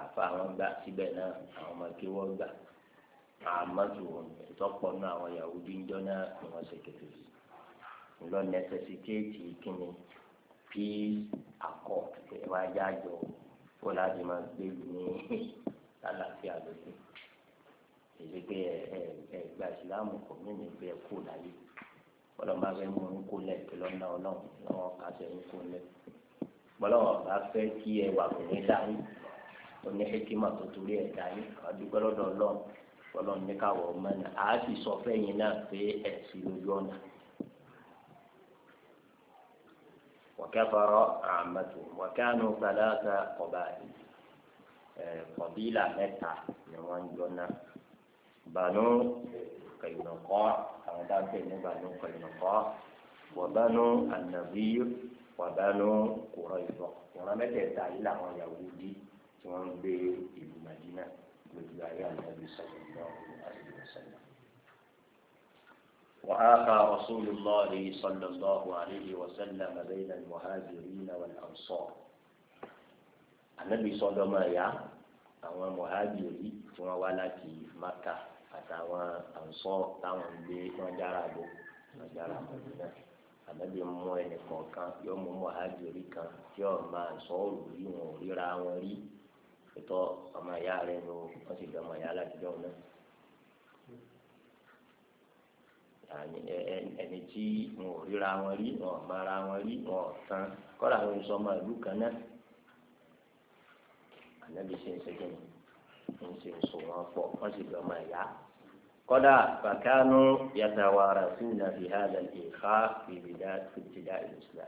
àfa àwọn gbà síbẹ̀ náà àwọn ọmọ kí wọ́n gbà àmọ́ ju ìtọ́pọ̀ nù àwọn Yahudi ń náà ni wọ́n ṣe kékeré lọ nẹsẹsitéètì kínní peace accord ẹ̀rọ ajájọ ó láti máa gbèrú ní lálàáfíà lókè èyí pé ẹ ẹ ẹ gba ìsìlámù kò ní ní pé kú láyé bọ́lọ́mọ abẹ́ mú un kó lẹ̀ pẹ̀lú ọ̀nà ọlọ́run lọ́wọ́ kásẹ̀ ń kó lẹ̀ bọ́lọ́mọ bá fẹ́ kí ẹ wà pẹ̀lú dání oní hekima tó torí ẹ̀ dání àdúgbò lọ́dọ̀ ọlọ́run bọ́lọ́mọ ní káwọ́ ọmọ náà àá sì sọ fẹ́yìn náà pé ẹ̀ sì lójú ọ̀nà. وكفر عامته وكانوا ثلاثة قبائل قبيلة متى من بنو kẹ̀yìnàkọ́ àwọn tá a bẹ̀ ní bànú kẹ̀yìnàkọ́ wàbánú ànàbí wàbánú kùrọ̀ ìbọ̀ ìran mẹ́tẹ̀ẹ̀ta yìí làwọn Yahudi tí wọ́n ń gbé ìlú Madina lójú ayé ànàbí sọ̀rọ̀ ìbọ̀ وآخى رسول الله صلى الله عليه وسلم بين المهاجرين والأنصار النبي صلى الله عليه وسلم àwọn mọ̀hábìrì tí wọ́n àtàwọn ànsọ táwọn gbé wọn dára bò wọn dára bò nínú ànábì mú ẹnì kọ̀ọ̀kan yóò mú mọ̀hájúrí kan tí ọ̀ máa sọ òrùlé wọn ò ríra wọn rí ètò ọmọ ìyá rẹ ni wọ́n sì dọ́mọ ìyá látijọ́ náà ẹni tí wọn ò ríra wọn rí wọn ò wọn rí wọn ò tán kọ́ra àwọn ìsọmọ ìlú kan náà ànábì ṣe ń ṣe kí ni ń ṣe oṣù wọn fọ wọn sì gbọmọ ẹyà kódà bàkánú yàtàwàrà fún nàbí hàlẹ ìhà ìbìdá ìtìdá ìlúsílà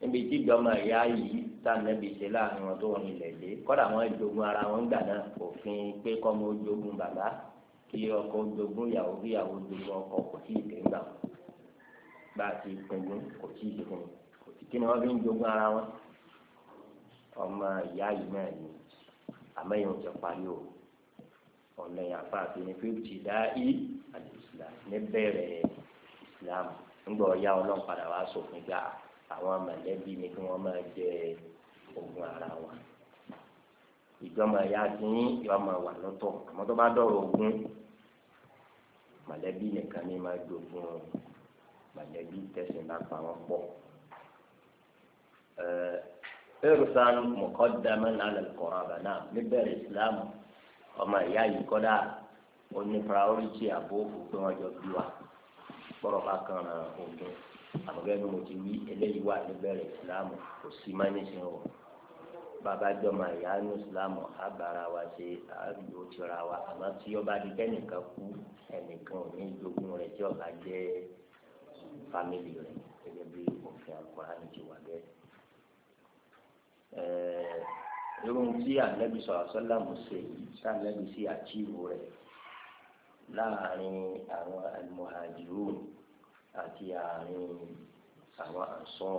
níbi tí gbọmọ ẹyà yìí tànàbí ṣe láàrin wọn tó wọn ilẹ̀ dé kódà wọn jogun ara wọn gbà náà òfin pé kọ́mọ ojogun bàbá kí ọkọ ojogun yàwó bí yàwó ojogun ọkọ kò tí ì dé ńgbà wọn bá a ti kò tí ì dé fún kí ni wọn fi ń jogun ara wọn ọmọ ìyá yìí náà ni àmọ́ ìyẹn ò jẹ́ parí o ọ̀nà ìyàfa àti ní fíjì dáì àti islam níbẹ̀rẹ̀ islam ńgbà ọ̀yá ọlọ́run padà wá sófin gbà àwọn mọ̀lẹ́bí ni kí wọ́n máa jẹ ogún ara wọn ìjọba ya ti ń ìwàmọ̀ wà lọ́tọ̀ àmọ́ tó bá dọ̀rọ̀ ogún mọ̀lẹ́bí nìkan ni máa jogún mọ̀lẹ́bí tẹ̀sán bá pa wọn pọ̀ ẹ̀rùsán mọ̀kọ́dá mẹ́rin alẹ́ kọ́ra bàná níbẹ̀rẹ̀ islam ọmọ ìyá yìí kọ́dà ó ní priority àbófù pé wọ́n bí wa gbọ́dọ̀ bá kan ràn ogun àbọ̀gẹ́ ni mo ti wí eléyìí wà níbẹ̀rẹ̀ ìsìlámù kò sí má níṣẹ́ o bàbá jọmọ ìyá ní ìsìlámù àbára wa ṣe àlùyò tìra wa àmọ́ tí ọba di kẹ́nìkan kú ẹnìkan ò ní ìjogún rẹ̀ tí ọba jẹ́ fámìlì rẹ̀ gẹ́gẹ́ bí òfin àkùrá ni ti wà bẹ́ẹ̀ irun tí ànábì sọ̀rọ̀ sọ́lámù ṣe sànábì sí àchíìvù rẹ̀ láàrin àwọn almuhajirun àti àárín àwọn àǹsọ́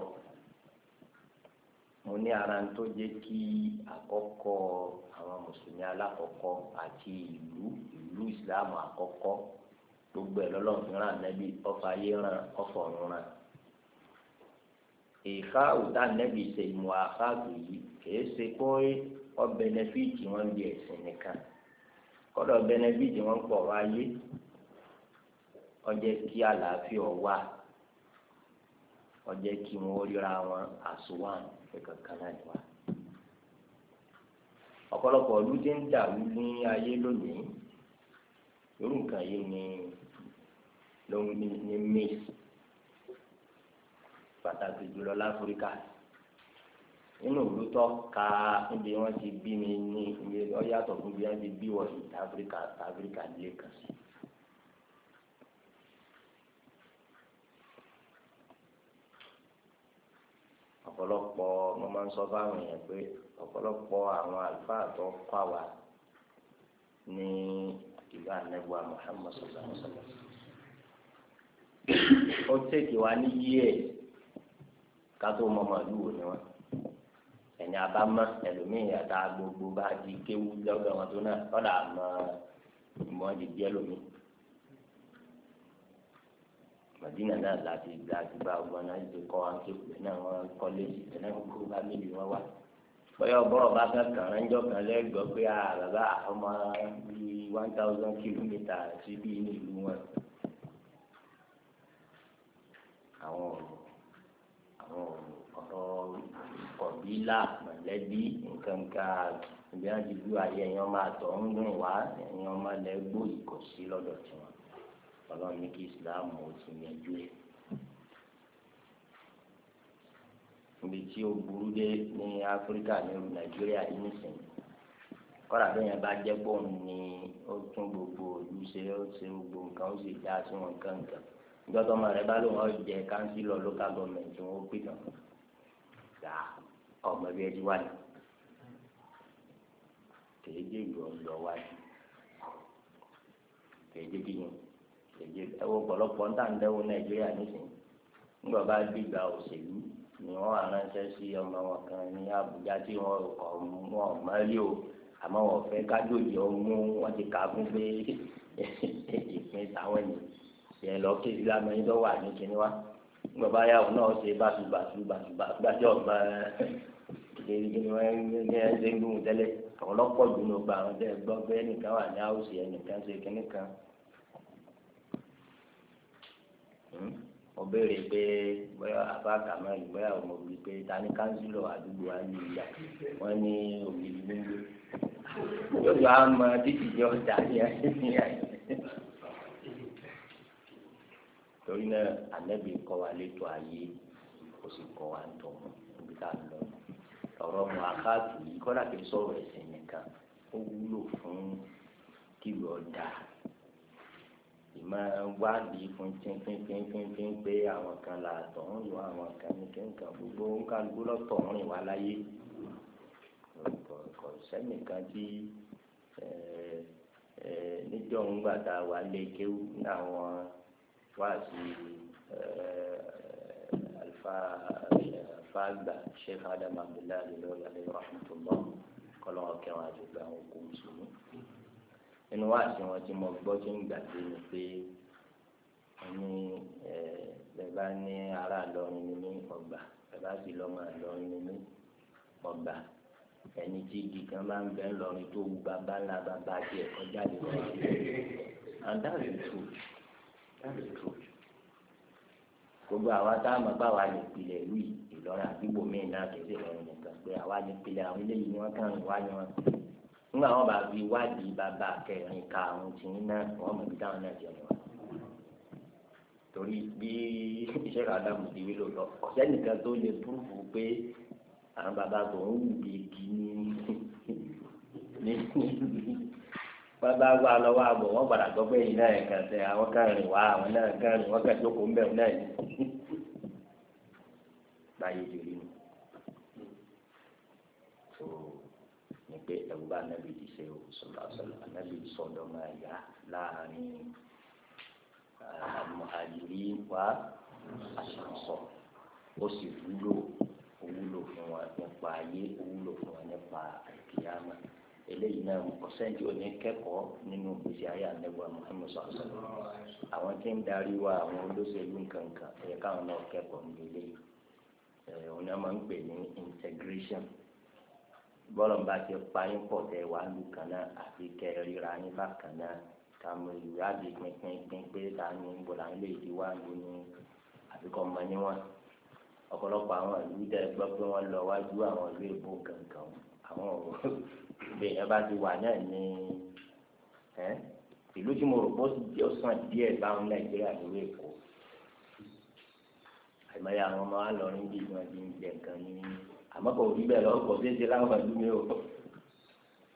mo ní ara tó jẹ́ kí àkọ́kọ́ àwọn mùsùlùmí alákọ̀ọ́kọ́ àti ìlú ìlú ìsìlámù àkọ́kọ́ gbogbo ẹ̀ lọ́lọ́run fi ràn nẹ́bí ọfọ ayé ràn ọfọ ọ̀run ràn ìka òtá nẹ́bí ṣe ìmọ̀ àkáàtò yìí kìí ṣe pé ọ bẹnẹfíìtì wọn bí ẹ̀sìn nìkan kọ́dọ̀ bẹnẹfíìtì wọn pọ̀ wáyé ọjẹ́ kí àlàáfíà wà ọjẹ́ kí wọn ríra wọn àsùnwọ̀n kankan náà wà. ọ̀pọ̀lọpọ̀ ọdún ti ń dàrú ní ayé lónìí lórí nǹkan yìí ni ló ń ní mí pàtàkì jùlọ láfíríkà nínú òlútọ ka níbi wọn ti bí mi ní iye ọyàtọ̀ fún bí wọn ti bí wọn ní áfíríkà áfíríkà lè kàn sí. ọ̀pọ̀lọpọ̀ mo máa ń sọ fáwọn èèyàn pé ọ̀pọ̀lọpọ̀ àwọn àlùfáà tó kọ́ àwa ní ìlú anagba Muhammad sallallahu alaihi wa sallam ó tẹ̀kì wá ní yíyẹ kátó mọ màlúù wò ni wọn ẹni abámá ẹlòmíì àtà gbogbo bá di kéwú lọ́dọ̀ wọn tó náà ọ̀dà àmọ́ ìmọ̀ dìbí ẹlòmíì màdínà náà láti láti bá ọgbọ́n náà ti kọ́ wọn tó pè náà wọn kọ́lẹ́jì náà wọn kó bá méjì wọn wá bóyá ọ̀bọ̀rọ̀ bá fẹ́ kàn án jọ kan lẹ́gbọ́ pé àbàbà ọmọ bíi one thousand kilometre síbí ní ìlú wọn àwọn ọ̀rọ̀ ọ̀rọ̀ kọ̀bílà mọ̀lẹ́bí nǹkan kan ìbí wọn ti bí ayé ẹ̀yàn máa tọ̀ ń gùn wá ẹ̀yàn máa lẹ gbó ìkọ̀sí lọ́dọ̀ tiwọn ọlọ́run ní kí islam ó ti yanjú ẹ̀. níbi tí ó burú dé ní áfíríkà nílùú nàìjíríà yìí nìsín kọ́ra bẹ́ẹ̀ yẹn bá jẹ́ bọ́ọ̀n ni ó tún gbogbo ojúṣe ó ṣe gbogbo nǹkan ó sì dá sí wọn kankan gbọ́dọ̀ ọmọ rẹ bá lóun ọ̀jẹ̀ kánsílọ̀ local government wọn ó pè náà gbà ọmọ ibi ẹni wà ní ìlú ọlọ wá ní kéèjé bí yín kéèjé ẹwọ ń tà ń dẹ́wọ́ nàìjíríà nísìnyí ńgbà bá dìgbà òṣèlú ni wọn aránṣẹ́ sí ọmọ wọn kan ní Àbújá tí wọn kọ wọn mọlẹ o àmọ́ wọn fẹ́ kájòyè ọmú wọn ti kà á fún pé ìpín táwọn yìí èèyàn lọ kí ìlànà yín lọ́wọ́ àní kíní wá bàbá yàwó náà ṣe bàtúbàtú bàtúbàjọ́ ọ̀gbà kíní wọ́n ní ẹ̀ṣẹ̀ ń gbóhùn tẹ́lẹ̀ àwọn ọlọ́pọ̀ jù ní ọgbà àwọn tẹ́ gbọ́ pé ẹnìkan wà ní àwòsí ẹnìkan ṣe kíní kan. Hmm? mo béèrè pé bóyá abáàkà máa yìí bóyá òun òbí pé ta ni kánsílò àdúgbò á ní ìyá wọn ní òbí nílé yóò yọ àmọ́ títí yọ ọjà ní ẹ̀ṣẹ̀ ní ẹ̀ṣẹ̀ torí náà ànábì kọ́ wa létò ayé ó sì kọ́ wa ń tọ̀ mọ́ níbi tá a lọ ọ̀rọ̀ mu akáàtù yìí kọ́dà kí n sọ̀rọ̀ ẹ̀sìn nìkan ó wúlò fún kílù ọ̀dà ìmọ̀ wádìí fún tíntíntíntín pé àwọn kan là tọ̀hún lọ àwọn kan ní kíkan gbogbo kálukú lọ́tọ̀ rìn wá láyé kò sẹ́nìkan tí níjọ́ ń gbàdá wa lé ní àwọn wáàsí eh, alfaagba sheikh adam abdullahi lórí alayhi rahmatulah kọlọ́wọ́ kẹwàá àdúgbò àwọn òkú mùsùlùmí nínú wáàsí wọn tí mo gbọ́ tí ń gbàgbé ni pé ní bẹ́ẹ̀bá eh, ní ara lọ́rin ni mí ọgbà bẹ́ẹ̀bá sì lọ́mọ lọ́rin ni mí ọgbà ẹni tí igi kan máa ń bẹ́ lọ́rin tó wù bàbá ńlá bàbá tiẹ̀ kọjá lè wọ́n. and that is true that is true gbogbo àwa tá a mọ̀ pé àwa lè pilẹ̀ wí ìlọrin àdúgbò míì náà kẹsì ìlọrin nìkan pé àwa lè pilẹ̀ àwọn eléyìí ni wọ́n kàn ń wá ni wọ́n nígbà wọn bá fi wádìí bàbá kẹrin karùn-ún tí náà wọn mọ̀ bí táwọn náà ti ọ̀nà torí bí iṣẹ́ kàdámù ti wí lóòótọ́ ọ̀sẹ̀ nìkan tó lè púrúfù pé àwọn bàbá tó ń wù bí igi ní ní wọn bá lọ́wọ́ àbọ̀ wọn gbàdá gbọ́ pé yìí náà kàn sẹ àwọn kan rìn wá àwọn náà kan rìn wọn kàn jókòó ń bẹ náà yìí báyìí jòlí nù tó ní pé ẹwù bá nàbì yìí ṣe o sọlá sọlá nàbì yìí máa yá láàrin àjòlí wa àṣàṣọ ó sì wúlò ó fún wa nípa ayé ó fún wa nípa àìkíyàmá eléyìí náà ọ̀sẹ́ntì òní kẹ́kọ̀ọ́ nínú gbèsè ayé àdẹ́gbà Muhammad sọ̀rọ̀ àwọn tí ń darí wa àwọn olóṣèlú nkankan ẹ̀yẹ káwọn náà kẹ́kọ̀ọ́ ní eléyìí ẹ̀ òní a máa ń pè ní integration bọ́lọ̀ bá ti pa yín pọ̀ tẹ wàá lù kan náà àti kẹ́ ríra yín bá kan náà kàmú ìwé àbí pínpín pé ta ni ń bọ̀lá ilé ìdí wa ló ní àbíkọ́ mọ níwọ̀n ọ̀pọ̀lọpọ̀ àwọn ìlú tẹ gbọ́ pé wọ́n lọ wájú àwọn ìlú èbó gangan àwọn bẹ́ẹ̀ yẹn bá ti wà náà ní ìlú tí mo rò bó ti sàn díẹ̀ báwọn nàìjíríà lórí èkó àìmọye àwọn ọmọ wa lọrin bí wọn ti ń jẹ nǹkan ní àmọ́ kò rí bẹ́ẹ̀ lọ́wọ́ kò ṣeé ṣe láwọn ìlú mi o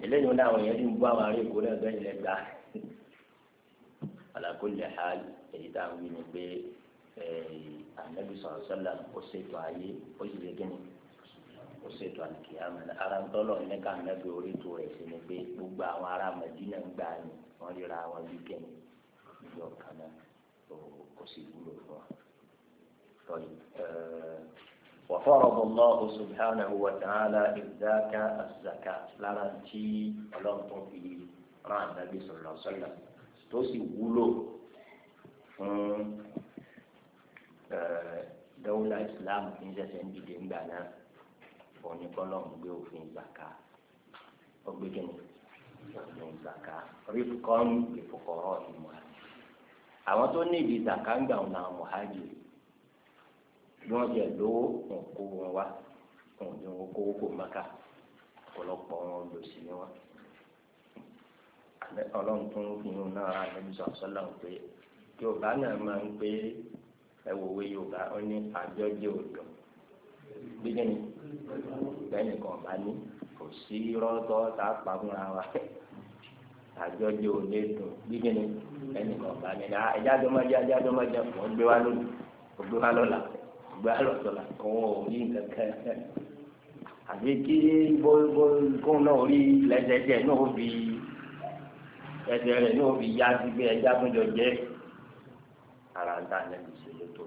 eléyìí wọn làwọn èèyàn ti ń bọ́ àwọn ará èkó náà bẹ́ẹ̀ yẹn gbà alakoli hal èyí tá a wí ni pé anabi sọ̀rọ̀ sọ́lá ó ṣètò ayé ó sì lè gẹ́ni kò ṣètò àlùkìyàmù ara ń tọ́lọ̀ ní ká nẹ́bí orí tó rẹ̀ sí ni pé gbogbo àwọn ará Mẹdínà ń gbà ní wọ́n ríra wọn bí kẹ́mi ìjọ kan náà kò sì wúlò fún wa. وفرض الله سبحانه وتعالى إذاك الزكاة lára tí ọlọ́run tó fi rán ànábì sọ̀rọ̀ sọ́lá tó sì wúlò fún dawla Islam ní sẹ́sẹ̀ ń dìde ńgbà oníkọ́lọ́ ń gbé òfin zaka ọgbẹ́ kẹ́ni òfin zaka rifkọ́n ìfọkọ̀rọ̀ ìmọ̀ àwọn tó ní ìdí zaka ń gbà wọn àwọn mọ̀hájì bí wọ́n jẹ lówó wọn kó wọn wá wọn ní wọn kó kó maka ọ̀pọ̀lọpọ̀ wọn lò sí ni wọn ọlọ́run tó fi hàn náà àlejò sọ̀sọ́lá ń pè yorùbá náà máa ń pè ẹ̀wòwe yorùbá ó ní àjọjẹ òdò gbígbẹ́ni bẹ́ẹ̀ni kan bá ní kò sí rọ́tọ́ tá a pa fúnra wa àjọjọ ò lè dùn gbígbé ni bẹ́ẹ̀ni kan bá ní ah, ẹja tó máa jẹ ẹja tó máa jẹ fún ọgbẹ́ wa lónìí ọgbẹ́ wa lọ́la ọgbẹ́ wa lọ́tọ̀la òun ò ní nǹkan kan àbí kí bọ́ọ̀lù náà rí lẹ́sẹ̀ẹ́sẹ̀ náà fi ẹsẹ̀ rẹ̀ náà fi yá sí pé ẹja tó jọ jẹ́ ara ń dá lẹ́nu ìṣèlú tó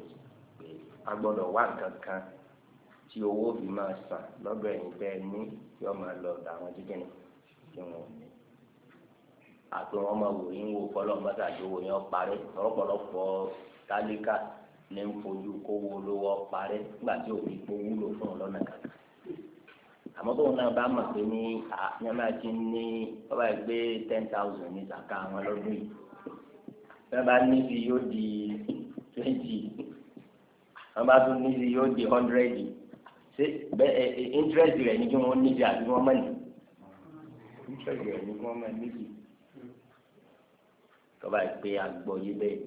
pé a gbọ́dọ̀ wá nǹkan tí owó fi máa sàn lọ́dọ̀ ẹ̀yìn tẹ́ ẹ ní tí wọ́n máa lọ ọ̀dọ̀ àwọn jíjìn ní kí wọ́n ní. àti wọn máa wò yín wo kọ́lọ́ mọ́tà tó wò yín parí ọ̀pọ̀lọpọ̀ tálíkà ní ń fojú kówó olówó parí nígbà tí òbí kó wúlò fún un lọ́nà kankan. àmọ́ tó wọn náà bá mọ̀ pé ní àyànmá ti ní bàbá yìí gbé ten thousand ní sàkà àwọn lọ́dún yìí bàbá níbi yóò di twenty bàbá tún níbi yóò di hundred yìí ṣe bẹ́ẹ̀ interest rẹ̀ ni kí wọ́n níbi àbí wọ́n mọ̀ ní interest rẹ̀ ní kí wọ́n mọ̀ níbi tọ́ba ìpè àgbọ̀ yí bẹ́ẹ̀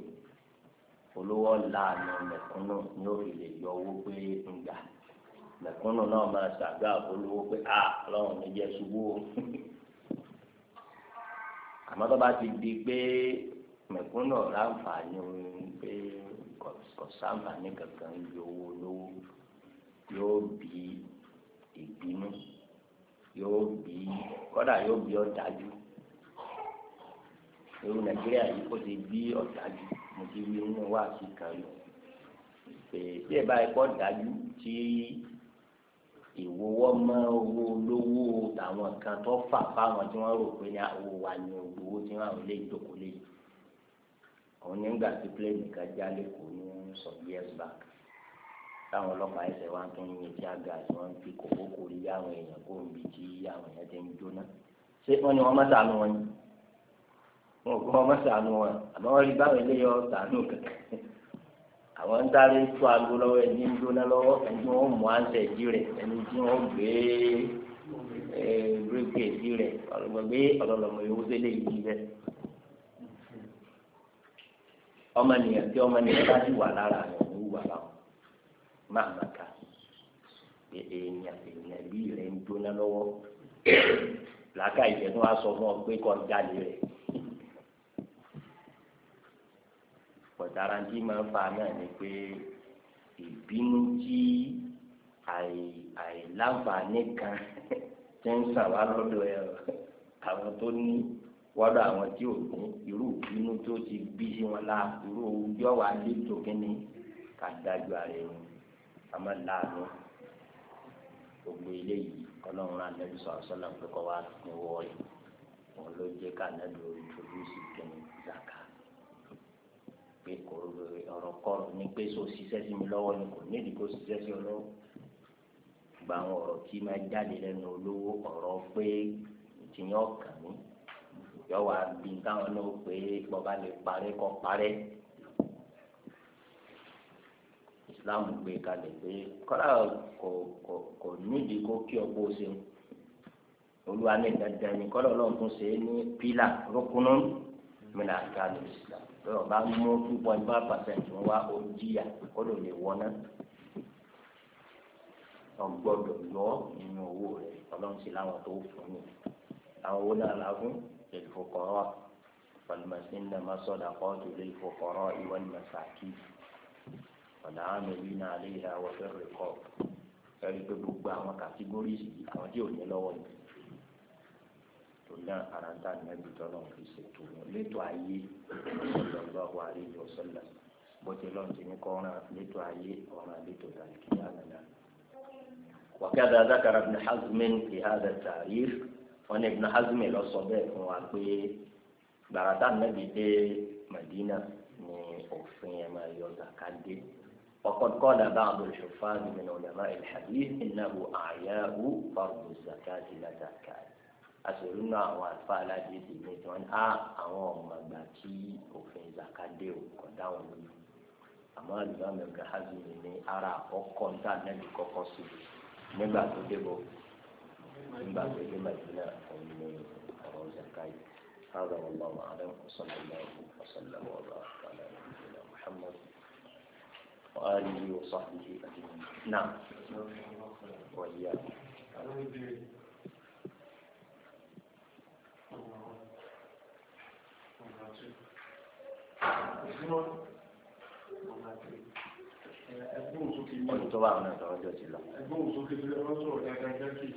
olówó làánà mẹ̀kúnnù ni ó fi lè yọ owó pé ń gbà mẹ̀kúnnù náà máa ṣàgbà olówó pé a ọlọ́run mi jẹ́ ṣubú o àmọ́ tọ́ba ti di pé mẹ̀kúnnù láǹfààní pé kò kankan yọ owó lówó yóò bí ìbínú yóò bí kọ́dà yóò bí ọ̀dájú ewu nàìjíríà yìí kò ti bí ọ̀dájú mo ti wí nínú wáàsí kan lọ pé bí ẹ báyìí kọ́ dájú tí ìwọ́wọ́ mọ́ owó olówó àwọn kan tó fà fáwọn tí wọ́n rò pé ní owó wa ni owó tí wọ́n lè jókòó lé òun nígbà tí plẹ́ẹ̀nì kan já lẹ́kọ̀ọ́ ní some years back táwọn ọlọ́pàá ẹsẹ̀ wa tó ń yin tí a ga àti wọ́n fi kókó kórí àwọn èèyàn kó ń bi tí àwọn èèyàn ti ń jóná ṣé wọ́n ní wọ́n má sànú wọn ni wọn kò wọ́n má sànú wọn àmọ́ wọ́n rí báwọn eléyọ̀ sànú kankan àwọn ń sáré tó aago lọ́wọ́ ẹni ń jóná lọ́wọ́ ẹni wọ́n mú àǹtẹ̀ jí rẹ̀ ẹni tí wọ́n gbé bírékì jí rẹ̀ ọ̀lọ́gbọ̀gbé ọ̀lọ́lọ́mọ yòówó tí ọmọ bá ti wà lára àwọn òwú wà láwọn máa ma ka èèyàn èèyàn bí rẹ ń jóná lọ́wọ́ làákà ìjẹnu wa sọ fún ọ pé kọ jáde rẹ pọtara tí máa fa náà ni pé ìbínú tí àìláǹfààní kan ti ń sàn wá lọ́dọ̀ ẹ àwọn tó ní wọ́dọ̀ àwọn tí ò ní irú ìbínú tó ti bí sí wọn la irú ojú ọ̀wá lè tó kínní ká dájú ara àmọ́ láàánú gbogbo eléyìí ọlọ́run anábì sọ̀rọ̀ sọ́nà pé kọ́ wá pín owó ló jẹ́ ká anábì introduce kìnnì zaka pé kò ọ̀rọ̀ kọ́rọ̀ ní pé so ṣiṣẹ́ sí mi lọ́wọ́ ni kò nídìí kó ṣiṣẹ́ sí ọ lọ́wọ́ gba àwọn ọ̀rọ̀ tí máa jáde lẹ́nu olówó ọ̀rọ̀ pé ìtìyàn ọ̀kàn mi yọ wá bí táwọn náà pé bọ́ba lè parẹ́ kọ́ parẹ́. islam gbé kalẹ̀ pé kọ́lá kò kò kò nídìí kó kí ọkọ ṣeun olúwa ní dandan ni kọ́lá ọlọ́run tún ṣe é ní pílà rúkúnú mìnà àkàlù islam lọ́wọ́ bá mú two point five percent wá ó jìyà kó ló lè wọná wọn gbọ́dọ̀ yọ nínú owó rẹ ọlọ́run sì láwọn tó fún mi àwọn owó náà la fún lil fuqara wal masinna ma sadaqatu lil fuqara wal masakin. والعاملين عليها وفي الرقاب ẹni pé gbogbo àwọn kàtígórìsì àwọn tí ò ní lọ́wọ́ ni tó ní àràǹtà ní ẹbí tọ́lọ́ fi ṣètò létò ayé sallallahu alaihi wasallam bó ti lọ́n ti ní kọ́ ọ́ràn létò ayé ọ̀ràn létò àìkíyà gbàràtà nàbì dé Madina ní òfin ẹ̀ máa yọ zakadé وقد قال بعض الحفاظ من علماء الحديث إنه أعياء فرض الزكاة لا زكاة àṣìrúnà àwọn àfa aládìsí ní tí wọn á àwọn ọmọ àgbà tí òfin zakadé ò kọ dáwọn lójú àmọ́ àlùbá mẹgbẹ hazmi ní ara àkọ́kọ́ níta nẹbi kọ́kọ́ sí nígbà tó débò nígbà tó dé màdínà òun ní ọ̀rọ̀ zakadé هذا والله أعلم وصلى الله وسلم وبارك على نبينا محمد وآله وصحبه أجمعين نعم وإياكم Molto è una cosa di là. È buono che tu lo so, è anche qui.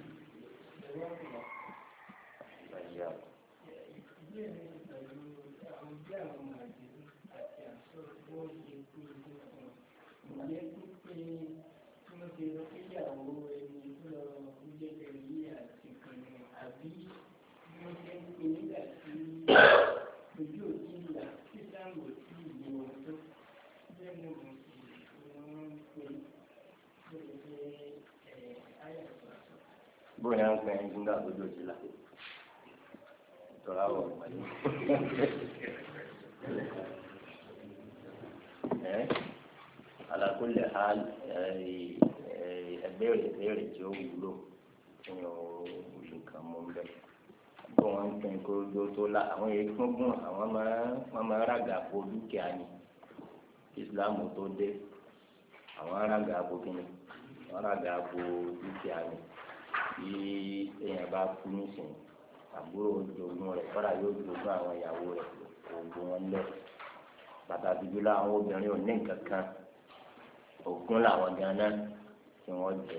Sbagliato. bóyá alakule hal ẹgbẹ́ ìbéèrè tí ó wúlò ní ọ̀rọ̀ olùkàmọ́ bẹ́ẹ̀ kó wọn ń tún kó ojú tó la àwọn èyí tún gùn àwọn máa wọn máa rága bo dúkìá ni ìsìláàmù tó dé àwọn rága bo kíni wọn rága bo dúkìá ni bí èèyàn bá kú nísìnyí àbúrò jogún rẹ̀ kọ́ra yóò jogún àwọn ìyàwó rẹ̀ oògùn wọn lẹ̀ pàtàkì jùlọ àwọn obìnrin ò ní nǹkan kan oògùn làwọn ganan tí wọ́n jẹ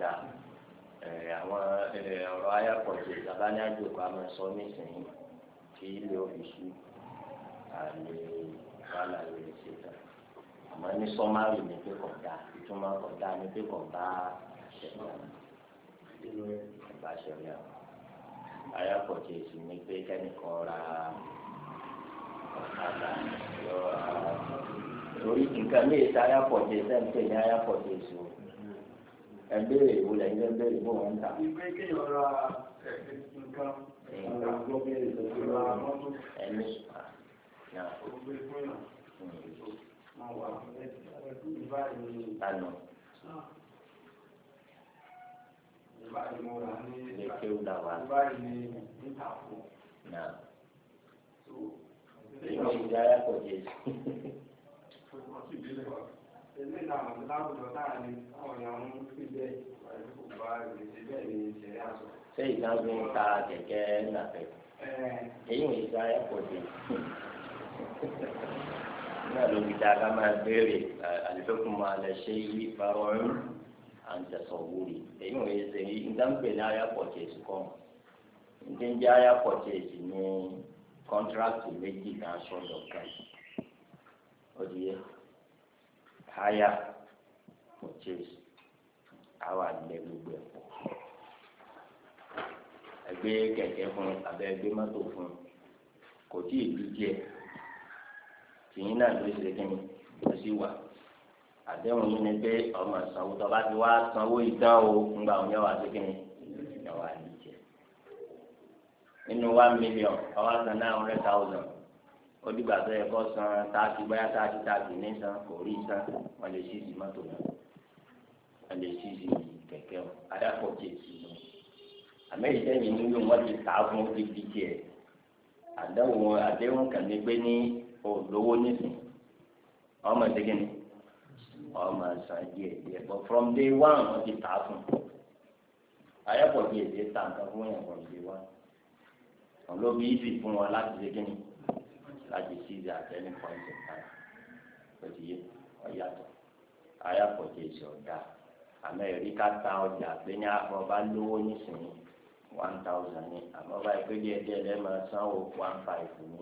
ọ̀dà àwọn ọ̀rọ̀ ayàpọ̀jù ìtàbánájò ká máa sọ nísìnyí kí ilé ọ̀fíìsì àlè ìbálà lè ṣe tà àmọ́ ní sọ́márì ní pé kọ̀dá ìtumọ̀ kọ̀dá ní pé kọ̀dá ṣẹlẹ̀ ṣẹlẹ̀ èsì ní pé kẹ́nìkan ra ìta ń pè o. ẹ ìwò lẹ́yìn ẹ béèrè wọn ń tà. ìgbé kéèyàn ra nǹkan ọ̀rọ̀ àgbọ̀ béèrè tó ti ra mọ́tò. ẹni ní ìtàkùn. ìlànà láwùjọ láàrin àwọn ìyàwó ń fi bẹ́ẹ̀ kò bá ìrètí bẹ́ẹ̀ ní ìṣẹ̀lẹ̀ àṣọ. ṣé ìdágbé ń ta kẹ̀kẹ́ ńlàfẹ́? èyí ò ìgbà ẹ̀pọ̀ dé. náà ló fi dáa ká máa béèrè àlùfẹ́kùn máa lẹ ṣe yí farahàn àǹtẹ̀sọ̀ wúri. èyí ò ìṣe ìdáǹpè ní ayápọ̀ tẹ̀sí kọ́ ìdíjẹ́ ayápọ̀ tẹ̀sí ní kọ́ńtrákì méjì kan sọ̀dọ̀ kan. ó di yẹ háyà purchase àwa lẹ gbogbo ẹ̀ pọ̀ ẹgbẹ́ kẹ̀kẹ́ fún abẹ́ ẹgbẹ́ mọ́tò fún kò tí ì bí díẹ̀ tìyín náà ló ṣe kí ni ló sì wà àdéhùn yìí ni pé ọmọ sanwó tó bá ti wá sanwó ìdán o ńgbà òun yẹn wà sí kí ni ìyàwó àlejò nínú one million ọwọ́ san hundred thousand onígbà tó yẹ kó san táàtì báyà táàtì táàtì ní san kò rí san wọn lè ṣíìsì mọ́tò náà wọn lè ṣíìsì kẹ̀kẹ́ wọn adápọ̀ kéèkì wọn àmẹ́yìíṣẹ́ yìí nílò wọn ti tà á fún bíbí tiẹ̀ àdéhùn àdéhùn kàmí gbé ní òdòwó nísìn ọmọ ìdíkìnnì ọmọ àṣà díẹ̀ díẹ̀ but from day one wọn ti tà á fún un ayẹ́pọ̀ díẹ̀ díẹ̀ tà nǹkan fún yẹn from day one wọn ló bí ìfì fún wọn láti ṣe kí ni láti ṣíṣe at any point in time ó yé ọ̀yàtọ̀ ayàpọ̀jẹ̀ ìṣe ọ̀dà àmọ́ ẹ̀rí ká ọjà pé ní àbọ̀bá lówó nísìnyí one thousand ní àbọ̀bá ìpínlẹ̀ ẹ̀dẹ́ ẹ̀dẹ́ san owó one five ní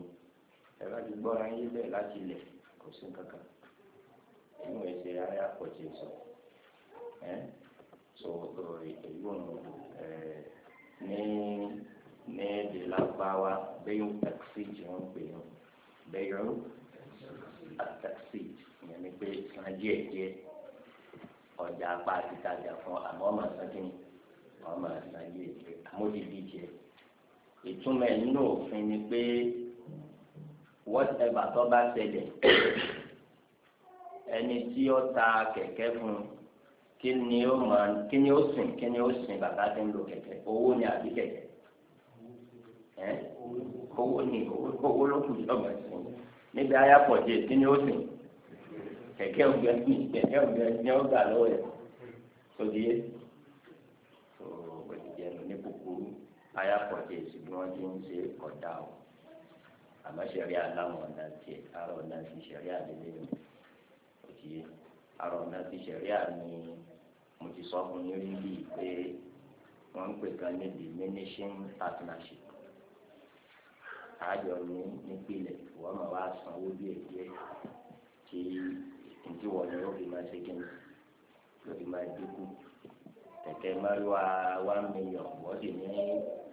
ẹ̀rọ ti gbọ́ra yín bẹ́ẹ̀ láti ilẹ̀ kò sí kankan inú ẹsẹ̀ ayàpọ̀jẹ̀ ìṣe ẹ̀ so èyí ò ní ní èdè lágbáwá bẹ́ẹ̀ yóò tẹ̀sí jẹun pè yín bẹ́yọ̀ àtàkì ìyẹn ni pé san díẹ̀ díẹ̀ ọjà apá àti ìtajà fún àmọ́ ọmọ àtàkì ni ọmọ àtàkì díẹ̀ díẹ̀ àmójìdí díẹ̀ ìtumọ̀ nínú òfin ni pé whatever tó bá ṣẹlẹ̀ ẹni tí ó ta kẹ̀kẹ́ fún un kí ni ó máa kí ni ó sìn kí ni ó sìn bàbá tí ń lo kẹ̀kẹ́ owó ni àbí kẹ̀kẹ́ ẹ́ owó ni owó ló kù sọgbà sí níbi ayápọ̀jì èsì ni ó sìn kẹ̀kẹ́ ògbẹ́ ní kẹ̀kẹ́ ògbẹ́ ní ọgbà lọ́wọ́ ẹ̀ sódì yé tó ìjẹun ní kúkúrú ayápọ̀jì èsì bí wọ́n ti ń ṣe ọ̀dà o àmọ́ sẹ̀rí aláwọ̀ ọ̀nà tiẹ̀ àrọ̀ ọ̀nà ti sẹ̀rí àdéhùn mi òdì yé àrọ̀ ọ̀nà ti sẹ̀rí àmì mo ti sọ fún yín rí bíi wọ́n ń pè kan ní diminishing partnership àjọ ní nípìnlẹ̀ wọ́n máa wá san owó díẹ̀ díẹ̀ tí ìdí wọn ni ó fi máa ṣe kíni ó fi máa dínkù kẹ̀kẹ́ mẹ́wàá one million wọ́n sì ní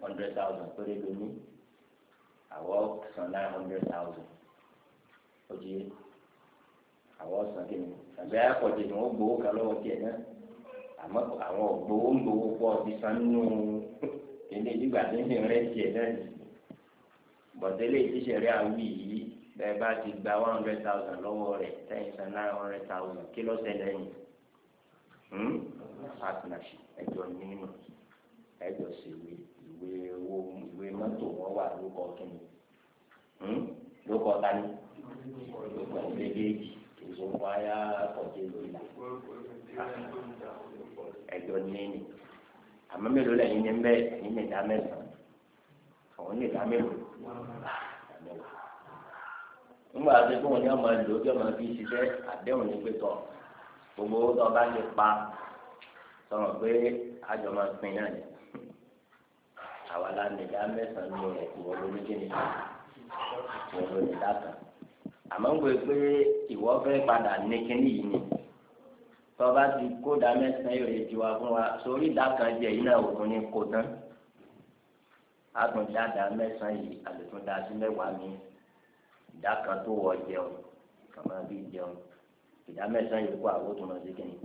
hundred thousand péré lóní àwọn san nine hundred thousand ó di àwọn san kíni àbẹ́ àpọ̀jù ni wọ́n gbowó kan lọ́wọ́ tiẹ̀ náà àmọ́ àwọn ògbówó ń gbowó pọ̀ ti san nínú ilé ìdígbà tí ń fi tiẹ̀ náà yìí bọ̀dẹ́lẹ̀ ìṣẹ̀rí àwí yìí bẹ́ẹ̀ bá ti gba one hundred thousand lọ́wọ́ rẹ̀ ten thousand, nine hundred thousand kí ló ṣẹlẹ̀ yìí partnership ẹjọ́ nínú ẹjọ́ sí ìwé ìwé owó ìwé mọ́tò wọn wà lóko kínní lóko tani lóko ẹ̀ẹ́dẹ́gẹ́jì ìṣòwò ayá ọ̀jẹ̀ lóyìnbá ẹjọ́ nínú àmọ́ mélòó lẹ́yìn ní bẹ́ẹ̀ ní ìdá mẹ́sàn-án àwọn ní ìdá mélòó nígbà tó kí wọn ní ọmọ ìlú tí ọmọ fi ṣiṣẹ́ àdéhùn ní pẹtọ gbogbo owó tó bá lè pa sọ̀rọ̀ pé àjọ máa pín náà ni àwa la ní ìdá mẹ́sàn-án ní ìwọ lórí kíni ìwọ lórí ìdá kan àmọ́ ń gbé pé ìwọ fẹ́ padà ní kíní yìí ni tọ́ba ti kó ìdá mẹ́sàn-án yóò lè ju wa fún wa sórí ìdá kan jẹ yìí náà òun ni kò tán àtúndì àdá mẹ́sàn yìí àlùtúndà sí mẹ́wàá mi ìdá kan tó wọ jẹun kàmá bí jẹun ìdá mẹ́sàn yìí kó àwọn tó máa ṣe kí ni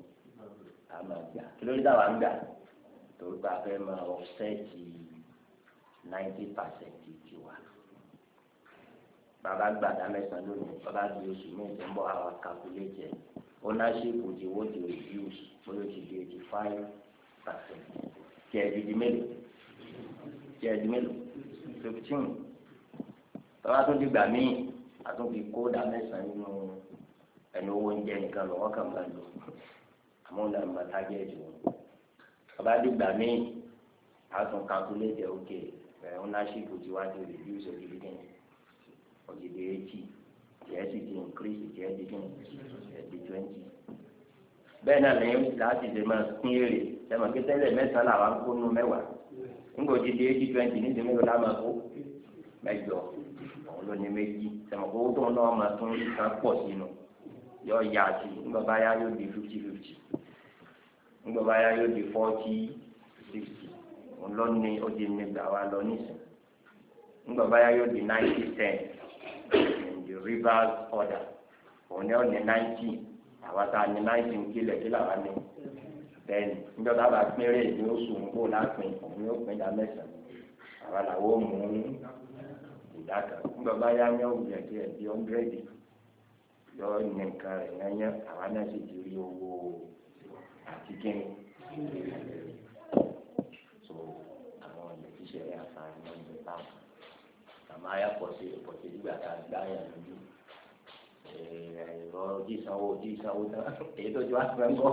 a máa gbà kí ló dé táwa ń gbà torí pé a fẹ́ máa ọ̀sẹ́ẹ̀tì náìtì pàṣẹ́ǹtì tiwa bàbá gba àdá mẹ́sàn lónìí bàbá di oṣù mẹ́sàn ń bọ̀ àwọn kakulétẹ̀ ownership ti wo ti reduce bóyá o ti di eighty five percent kẹ̀ẹ́dì di mélòó ti ẹ̀dí mélòó fifteen tọ́lá tó dìgbà míì àtúntì kó dà mẹ́sàn-án nínú ẹni owó oúnjẹ nìkan lọ́wọ́ kàn máa lò àmọ́ ọ̀nà ìmọ̀tàjẹ́ jù tọ́lá dìgbà míì àtún calculate ok ownership ti wá ti reduce ògidì dín ògidì eighty tiẹ̀ sì ti increase tiẹ̀ di dín di twenty bẹ́ẹ̀ náà lẹ́yìn láti ṣe máa pín èrè ẹ̀mọ́ kí tẹ́lẹ̀ mẹ́sàn làwọn kó nú mẹ́wàá nígbà òjì di eighty twenty ní ìdí mélòó lámà kó mẹ́jọ òun ló ní méjì sẹmọkó tó ń lọ ọmọ tó ń kan pọ̀ sínú yọ ya sí nígbà bá yá yóò di fifty fifty nígbà bá yá yóò di forty sixty òun lọ ní ó di mẹgbà wa lọ nísìn nígbà bá yá yóò di ninety ten in the order òun ní ninety àwa tá a ninety ń kílẹ̀ kí làwa sẹ́yìn níjọ́ tá a bá pín eré ìdí oṣù ń kó lápin òun yóò pín ìdá mẹ́sàn-án àwa làwọn mú ìdá kan níjọ́ bá yá ní òun yẹn díẹ̀ bí ọ́ndrẹ́dì yọ ní nǹkan rẹ̀ yányá àwa náà sì ti rí owó àti kíni. so àwọn ọ̀lẹ́ tí ṣẹlẹ̀ àfààní ló ń bẹ báwọn àmọ́ ayápọ̀ sí ìpọ̀ sí ìgbà tá a gbá yàn lójú ẹ̀rọ jísanwó jísanwó náà èyí tó ju àgbẹ̀ ń bọ̀.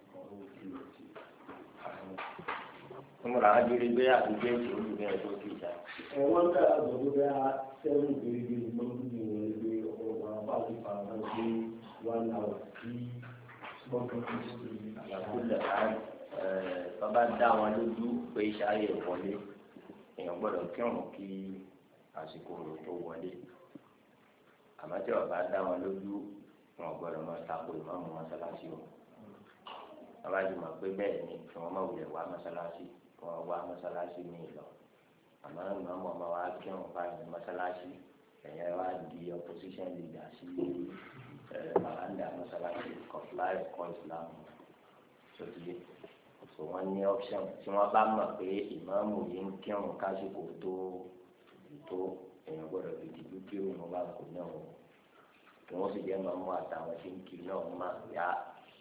mo làwọn adúlé gbé àdúgbò ètò olùgbé ẹjọ́ kìjà. ẹ wọn ká àgbẹ̀wò bá sẹ́wọ̀n gbèrègbè ló ń bí wọn lé ọ̀pọ̀lọpọ̀ àwọn bá ti fara hàn pé one hour kí smoking history àlàkùlẹ̀ bàbá dá wọn lójú pé ìṣàyè wọlé èèyàn gbọ́dọ̀ kírun kí àsìkò òòrùn tó wọlé àmọ́ tí bàbá dá wọn lójú wọn gbọ́dọ̀ máa takò abájú mọ̀ pé bẹ́ẹ̀ ni kí wọ́n má wulẹ̀ wá mọ́sálásí kí wọ́n wá mọ́sálásí mi lọ àmọ́ ìmọ̀ ọmọ ọmọ wa kírun báyìí mọ́sálásí ẹ̀yẹ wa di opposition leader sí bàbáńdà mọ́sálásí kọ̀fláì kọ́ ìsìlámù sọ́tìlẹ̀ so wọ́n ní option tí wọ́n bá mọ̀ pé ìmọ̀ọ́mù yìí ń kírun kásìkò tó tó èèyàn gbọ́dọ̀ fi dìbò kírun wọn bá kò náà wọ́n sì jẹ́ mọ̀ọ́mù àtàwọn tí ń kiri náà mọ̀ yá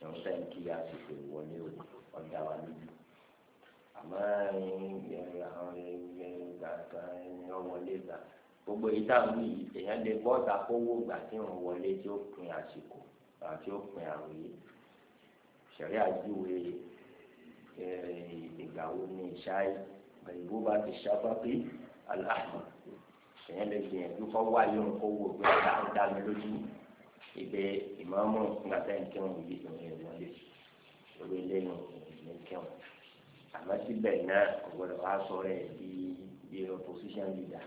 ìrún sẹ́yìn kí a sì fèrè wọlé o ọjà wa lójú àmọ́ àwọn èèyàn wọlé gbà gbogbo ìta mi èèyàn lè bọ́ta kówó gbà tí òun wọlé tí ó pin àsìkò àti ó pin àrùn yìí ṣẹ̀rí àjúwe ìgbà wo ni ìṣáì bá ti ṣàpápí aláàmọ̀ èèyàn lè gbìyànjú kọ́ wáyé gbé ọ̀dà ń mi lójú yìí. Ibe ìmáàmù ńgbàtà ìkẹwọn yìí ìrìn ìrìn lè lórí lẹ́yìn ìrìn ìkẹwọn àmọ́ síbẹ̀ náà kò gbọdọ̀ wá sọ rẹ̀ bí bí opposition leader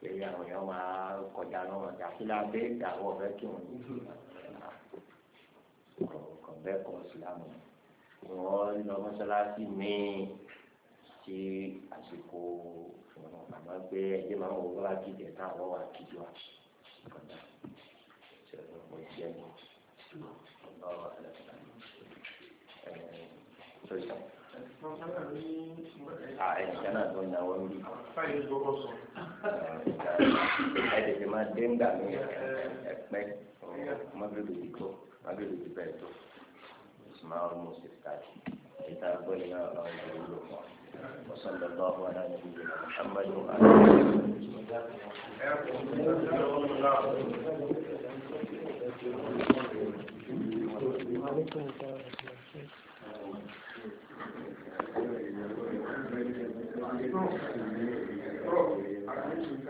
pẹ̀lú àwọn èèyàn máa kọjá lọ́wọ́ dàkílà bẹ́ dàwọ́ fẹ́ kí wọ́n yìí kàn bẹ́ẹ̀ kọ́ sílámù wọ́n lọ mọ́sálásí míì tí àsìkò àmọ́ pé ẹjẹ́ máa ń wọ bá kìdẹ̀ táwọn wà kìdọ̀ kọjá àìsàn náà tó náwó ń bí. ẹ tètè máa dé ńgbà mí sí káàdì. كتاب بين وصلى الله على نبينا محمد وعلى اله وصحبه